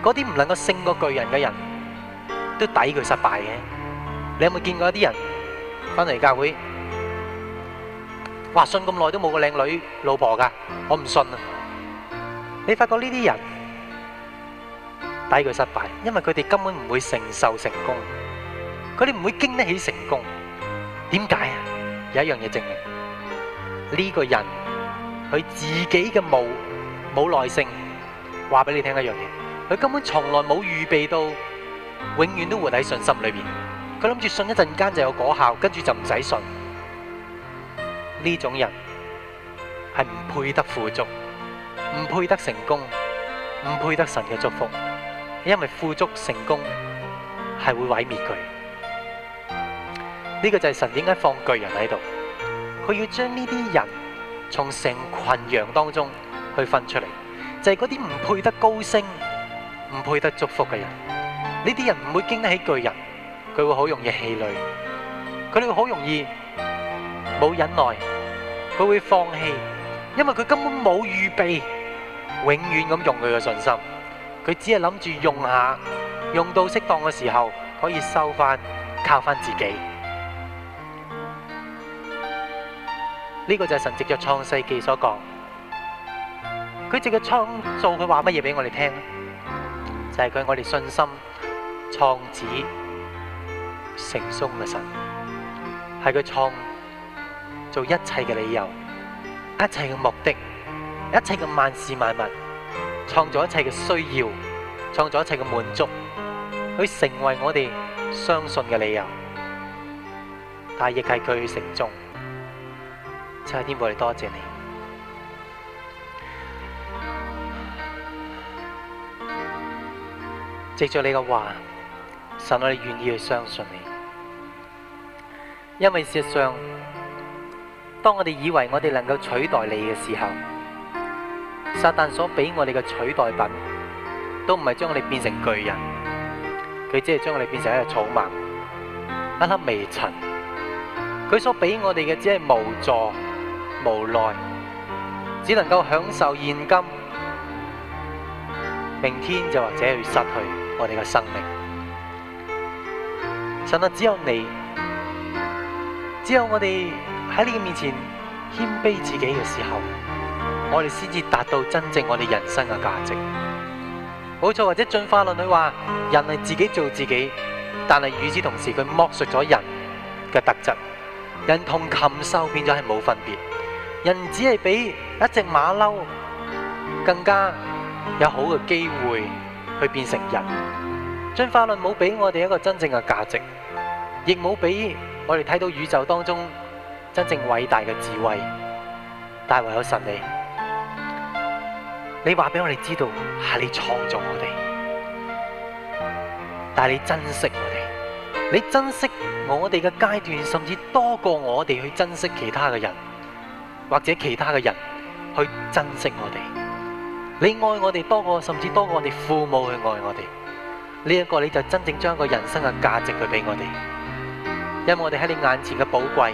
Speaker 1: 嗰啲唔能夠勝過巨人嘅人都抵佢失敗嘅。你有冇見過一啲人翻嚟教會？話信咁耐都冇個靚女老婆噶，我唔信啊！你發覺呢啲人抵佢失敗，因為佢哋根本唔會承受成功，佢哋唔會經得起成功。點解啊？有一樣嘢證明呢個人佢自己嘅冇冇耐性。話俾你聽一樣嘢，佢根本從來冇預備到永遠都活喺信心裏邊。佢諗住信一陣間就有果效，跟住就唔使信。呢種人係唔配得富足，唔配得成功，唔配得神嘅祝福，因為富足成功係會毀滅佢。呢個就係神點解放巨人喺度，佢要將呢啲人從成群羊當中去分出嚟，就係嗰啲唔配得高升、唔配得祝福嘅人。呢啲人唔會經得起巨人，佢會好容易氣餒，佢哋會好容易冇忍耐。佢會放棄，因為佢根本冇預備，永遠咁用佢嘅信心。佢只係諗住用下，用到適當嘅時候可以收翻，靠翻自己。呢個就係神藉着創世記所講。佢藉着創造，佢話乜嘢俾我哋聽？就係佢我哋信心創始成終嘅神，係佢創。做一切嘅理由，一切嘅目的，一切嘅萬事萬物，創造一切嘅需要，創造一切嘅滿足，去成為我哋相信嘅理由，但亦係佢成功。就係天父，我哋多謝你，藉著你嘅話，神，我哋願意去相信你，因為事實上，當我哋以為我哋能夠取代你嘅時候，撒旦所俾我哋嘅取代品，都唔係將我哋變成巨人，佢只係將我哋變成一個草蜢，一粒微塵。佢所俾我哋嘅只係無助、無奈，只能夠享受現今，明天就或者去失去我哋嘅生命。神啊，只有你，只有我哋。喺呢個面前謙卑自己嘅時候，我哋先至達到真正我哋人生嘅價值。冇錯，或者進化論佢話人係自己做自己，但係與此同時佢剝削咗人嘅特質，人同禽獸變咗係冇分別，人只係比一隻馬騮更加有好嘅機會去變成人。進化論冇俾我哋一個真正嘅價值，亦冇俾我哋睇到宇宙當中，真正偉大嘅智慧，但係唯有神你，你話俾我哋知道係你創造我哋，但係你珍惜我哋，你珍惜我哋嘅階段，甚至多過我哋去珍惜其他嘅人，或者其他嘅人去珍惜我哋。你愛我哋多過，甚至多過我哋父母去愛我哋。呢、這、一個你就真正將一個人生嘅價值去俾我哋，因為我哋喺你眼前嘅寶貴。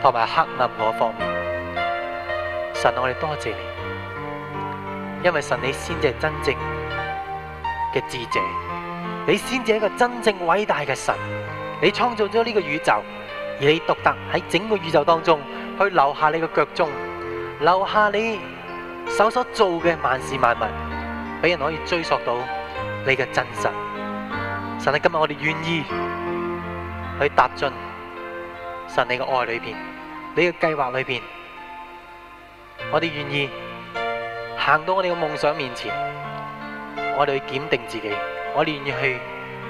Speaker 1: 同埋黑暗嗰方面，神我哋多謝你，因為神你先至係真正嘅智者，你先至係一個真正偉大嘅神，你創造咗呢個宇宙，而你獨特喺整個宇宙當中去留下你嘅腳蹤，留下你手所做嘅萬事萬物，俾人可以追溯到你嘅真實。神你今日我哋願意去踏進。神你嘅愛裏邊，你嘅計劃裏邊，我哋願意行到我哋嘅夢想面前，我哋去檢定自己，我哋願意去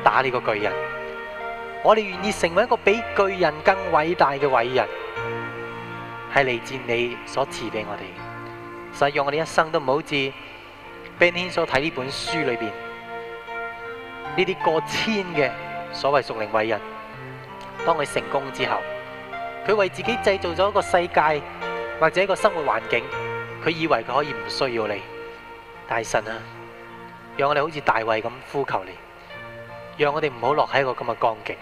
Speaker 1: 打呢個巨人，我哋願意成為一個比巨人更偉大嘅偉人，係嚟自你所賜俾我哋，使讓我哋一生都唔好似 Ben Henson 所睇呢本書裏邊呢啲過千嘅所謂屬靈偉人，當佢成功之後。佢為自己製造咗一個世界或者一個生活環境，佢以為佢可以唔需要你，但係神啊，讓我哋好似大衛咁呼求你，讓我哋唔好落喺一個咁嘅光景。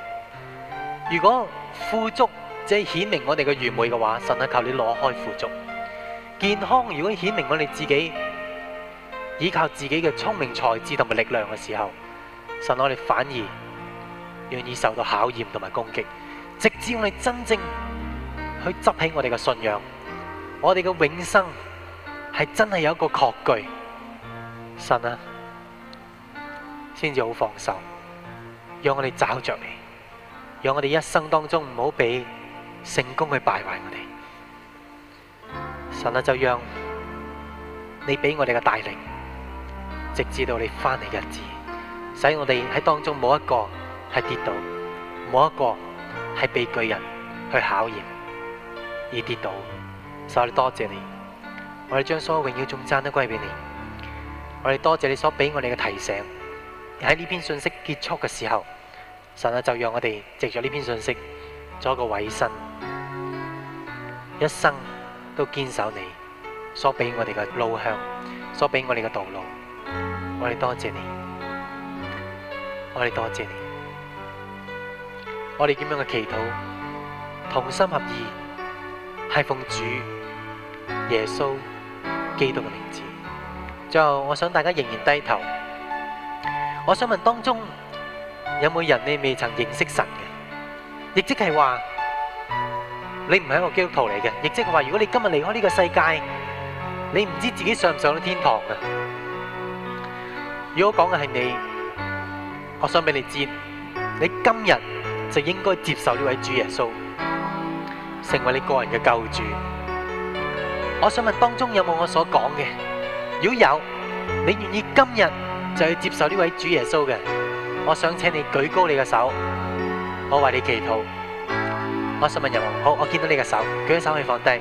Speaker 1: 如果富足即係顯明我哋嘅愚昧嘅話，神啊靠你攞開富足；健康如果顯明我哋自己依靠自己嘅聰明才智同埋力量嘅時候，神我哋反而願意受到考驗同埋攻擊，直至我哋真正。佢執起我哋嘅信仰，我哋嘅永生係真係有一個確據，神啊，先至好放手，讓我哋找着你，讓我哋一生當中唔好俾成功去敗壞我哋，神啊，就讓你俾我哋嘅帶領，直至到你翻嚟嘅日子，使我哋喺當中冇一個係跌倒，冇一個係被巨人去考驗。而跌倒，所以我哋，多謝你！我哋將所有榮耀頌讚都歸俾你。我哋多謝你所俾我哋嘅提醒。喺呢篇信息結束嘅時候，神啊，就讓我哋藉著呢篇信息做一個委身，一生都堅守你所俾我哋嘅路向，所俾我哋嘅道路。我哋多謝你，我哋多謝你，我哋點樣嘅祈禱，同心合意。係奉主耶穌基督嘅名字，最後我想大家仍然低頭。我想問當中有冇人你未曾認識神嘅？亦即係話你唔係一個基督徒嚟嘅？亦即係話如果你今日離開呢個世界，你唔知自己上唔上到天堂嘅啊？如果講嘅係你，我想俾你知，你今日就應該接受呢位主耶穌。成為你個人嘅救主，我想問當中有冇我所講嘅？如果有，你願意今日就去接受呢位主耶穌嘅？我想請你舉高你嘅手，我為你祈禱。我想問有冇，好，我見到你嘅手，舉咗手可以放低。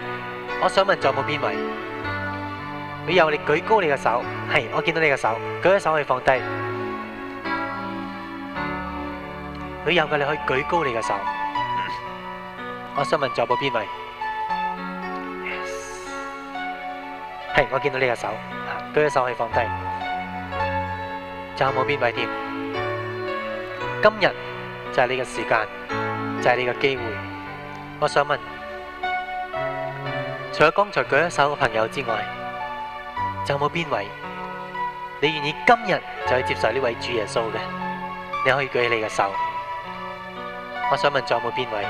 Speaker 1: 我想問仲有冇邊位，你有嘅，你舉高你嘅手？係，我見到你嘅手，舉咗手可以放低。你有嘅你可以舉高你嘅手。我想問，仲有冇邊位？係，我見到呢個手，舉咗手可以放低。仲有冇邊位添？今日就係呢個時間，就係呢個機會。我想問，除咗剛才舉咗手嘅朋友之外，仲有冇邊位？你願意今日就去接受呢位主耶穌嘅？你可以舉你嘅手。我想問，仲有冇邊位？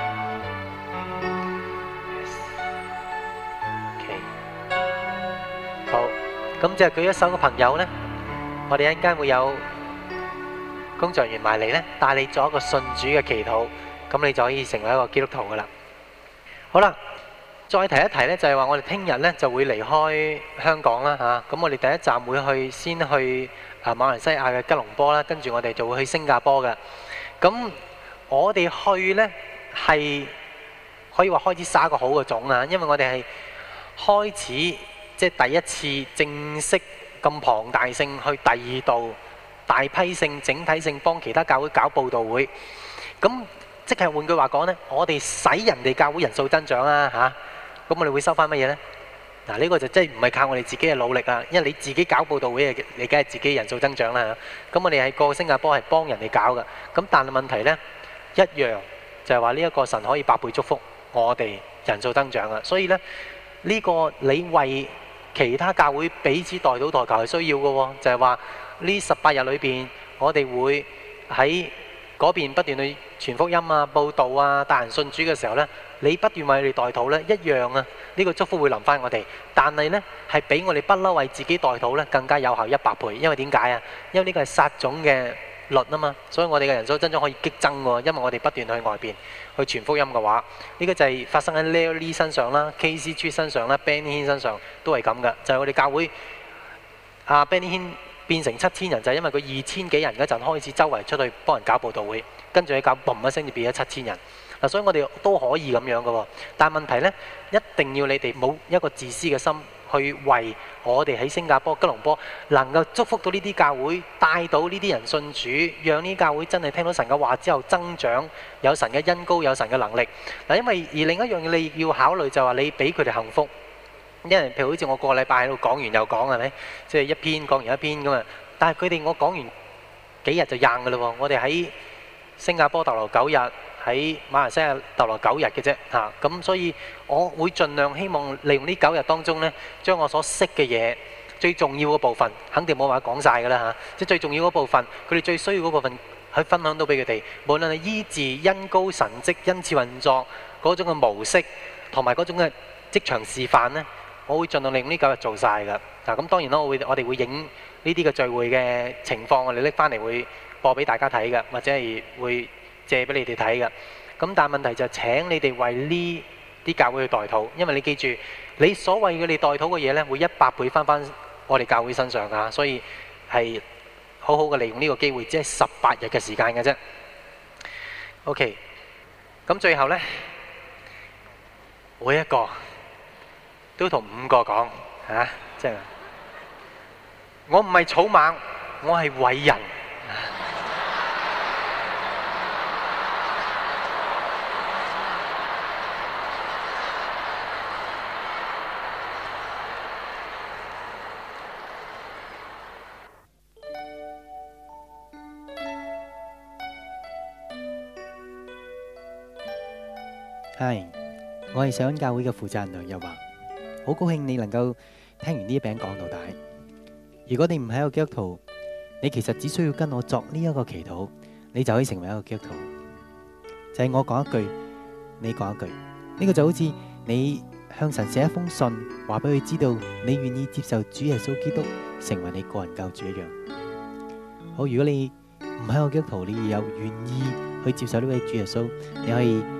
Speaker 1: 咁就舉一手嘅朋友呢，我哋一陣間會有工作人員埋嚟呢，帶你做一個信主嘅祈禱，咁你就可以成為一個基督徒噶啦。好啦，再提一提呢，就係話我哋聽日呢就會離開香港啦吓，咁我哋第一站會去先去啊馬來西亞嘅吉隆坡啦，跟住我哋就會去新加坡嘅。咁我哋去呢係可以話開始撒一個好嘅種啊，因為我哋係開始。即係第一次正式咁龐大性去第二度，大批性、整體性幫其他教會搞佈道會，咁即係換句話講咧，我哋使人哋教會人數增長啊嚇，咁我哋會收翻乜嘢咧？嗱，呢個就即係唔係靠我哋自己嘅努力啦，因為你自己搞佈道會啊，你梗係自己人數增長啦。咁我哋係過新加坡係幫人哋搞㗎，咁但係問題咧一樣就係話呢，一個神可以百倍祝福我哋人數增長啊，所以咧呢個你為其他教會彼此代禱代求係需要嘅喎，就係話呢十八日裏邊，我哋會喺嗰邊不斷去傳福音啊、佈道啊、帶人信主嘅時候呢，你不斷為你哋代禱呢一樣啊，呢個祝福會臨翻我哋。但係呢係俾我哋不嬲為自己代禱呢更加有效一百倍，因為點解啊？因為呢個係撒種嘅律啊嘛，所以我哋嘅人數真係可以激增喎，因為我哋不斷去外邊。去傳福音嘅話，呢、這個就係發生喺 Lily 身上啦、KCG 身上啦、Ben 軒身上都係咁嘅，就係、是、我哋教會阿 Ben 軒變成七千人，就係、是、因為佢二千幾人嗰陣開始周圍出去幫人搞佈道會，跟住佢搞嘣一聲就變咗七千人。嗱、啊，所以我哋都可以咁樣嘅喎，但係問題呢，一定要你哋冇一個自私嘅心。去為我哋喺新加坡、吉隆坡能夠祝福到呢啲教會，帶到呢啲人信主，讓呢啲教會真係聽到神嘅話之後增長，有神嘅恩膏，有神嘅能力。嗱，因為而另一樣你要考慮就係話你俾佢哋幸福，因為譬如好似我個禮拜喺度講完又講，係咪？即係一篇講完一篇咁啊。但係佢哋我講完幾日就癟嘅啦喎。我哋喺新加坡逗留九日。喺馬來西亞逗留九日嘅啫嚇，咁所以我會盡量希望利用呢九日當中呢，將我所識嘅嘢最重要嗰部分，肯定冇話講曬㗎啦嚇。即係最重要嗰部分，佢哋最需要嗰部分，去分享到俾佢哋。無論係醫治，恩膏神蹟、恩賜運作嗰種嘅模式，同埋嗰種嘅職場示範呢，我會盡量利用呢九日做曬㗎。嗱，咁當然啦，我會我哋會影呢啲嘅聚會嘅情況，我哋拎返嚟會播俾大家睇嘅，或者係會。借俾你哋睇嘅，咁但係問題就係，請你哋為呢啲教會去代禱，因為你記住，你所謂嘅你代禱嘅嘢咧，會一百倍返返我哋教會身上噶，所以係好好嘅利用呢個機會，只係十八日嘅時間嘅啫。OK，咁最後咧，每一個都同五個講吓，即係我唔係草蜢，我係偉人。係，我係上恩教會嘅負責人梁日華，好高興你能夠聽完呢一餅講到大。如果你唔喺個基督徒，你其實只需要跟我作呢一個祈禱，你就可以成為一個基督徒。就係我講一句，你講一句，呢個就好似你向神寫一封信，話俾佢知道你願意接受主耶穌基督成為你個人救主一樣。好，如果你唔喺個基督徒，你又願意去接受呢位主耶穌，你可以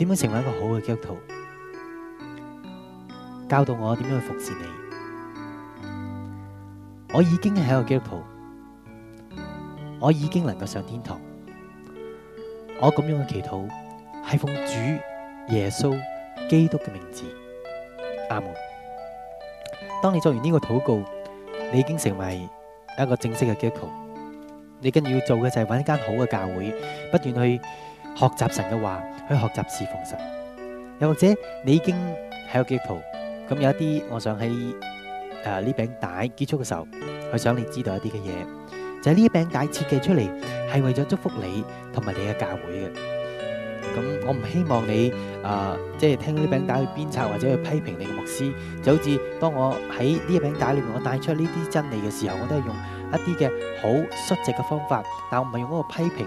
Speaker 1: 點樣成為一個好嘅基督徒？教導我點樣去服侍你。我已經係一個基督徒，我已經能夠上天堂。我咁樣嘅祈禱係奉主耶穌基督嘅名字。阿門。當你做完呢個禱告，你已經成為一個正式嘅基督徒。你跟住要做嘅就係揾一間好嘅教會，不斷去學習神嘅話。去學習侍奉神，又或者你已經喺有基督徒，咁有一啲，我想喺誒呢餅帶結束嘅時候，我想你知道一啲嘅嘢，就係呢餅帶設計出嚟係為咗祝福你同埋你嘅教會嘅。咁我唔希望你誒即係聽呢餅帶去鞭策或者去批評你嘅牧師，就好似當我喺呢餅帶裏面我帶出呢啲真理嘅時候，我都係用一啲嘅好率直嘅方法，但我唔係用嗰個批評。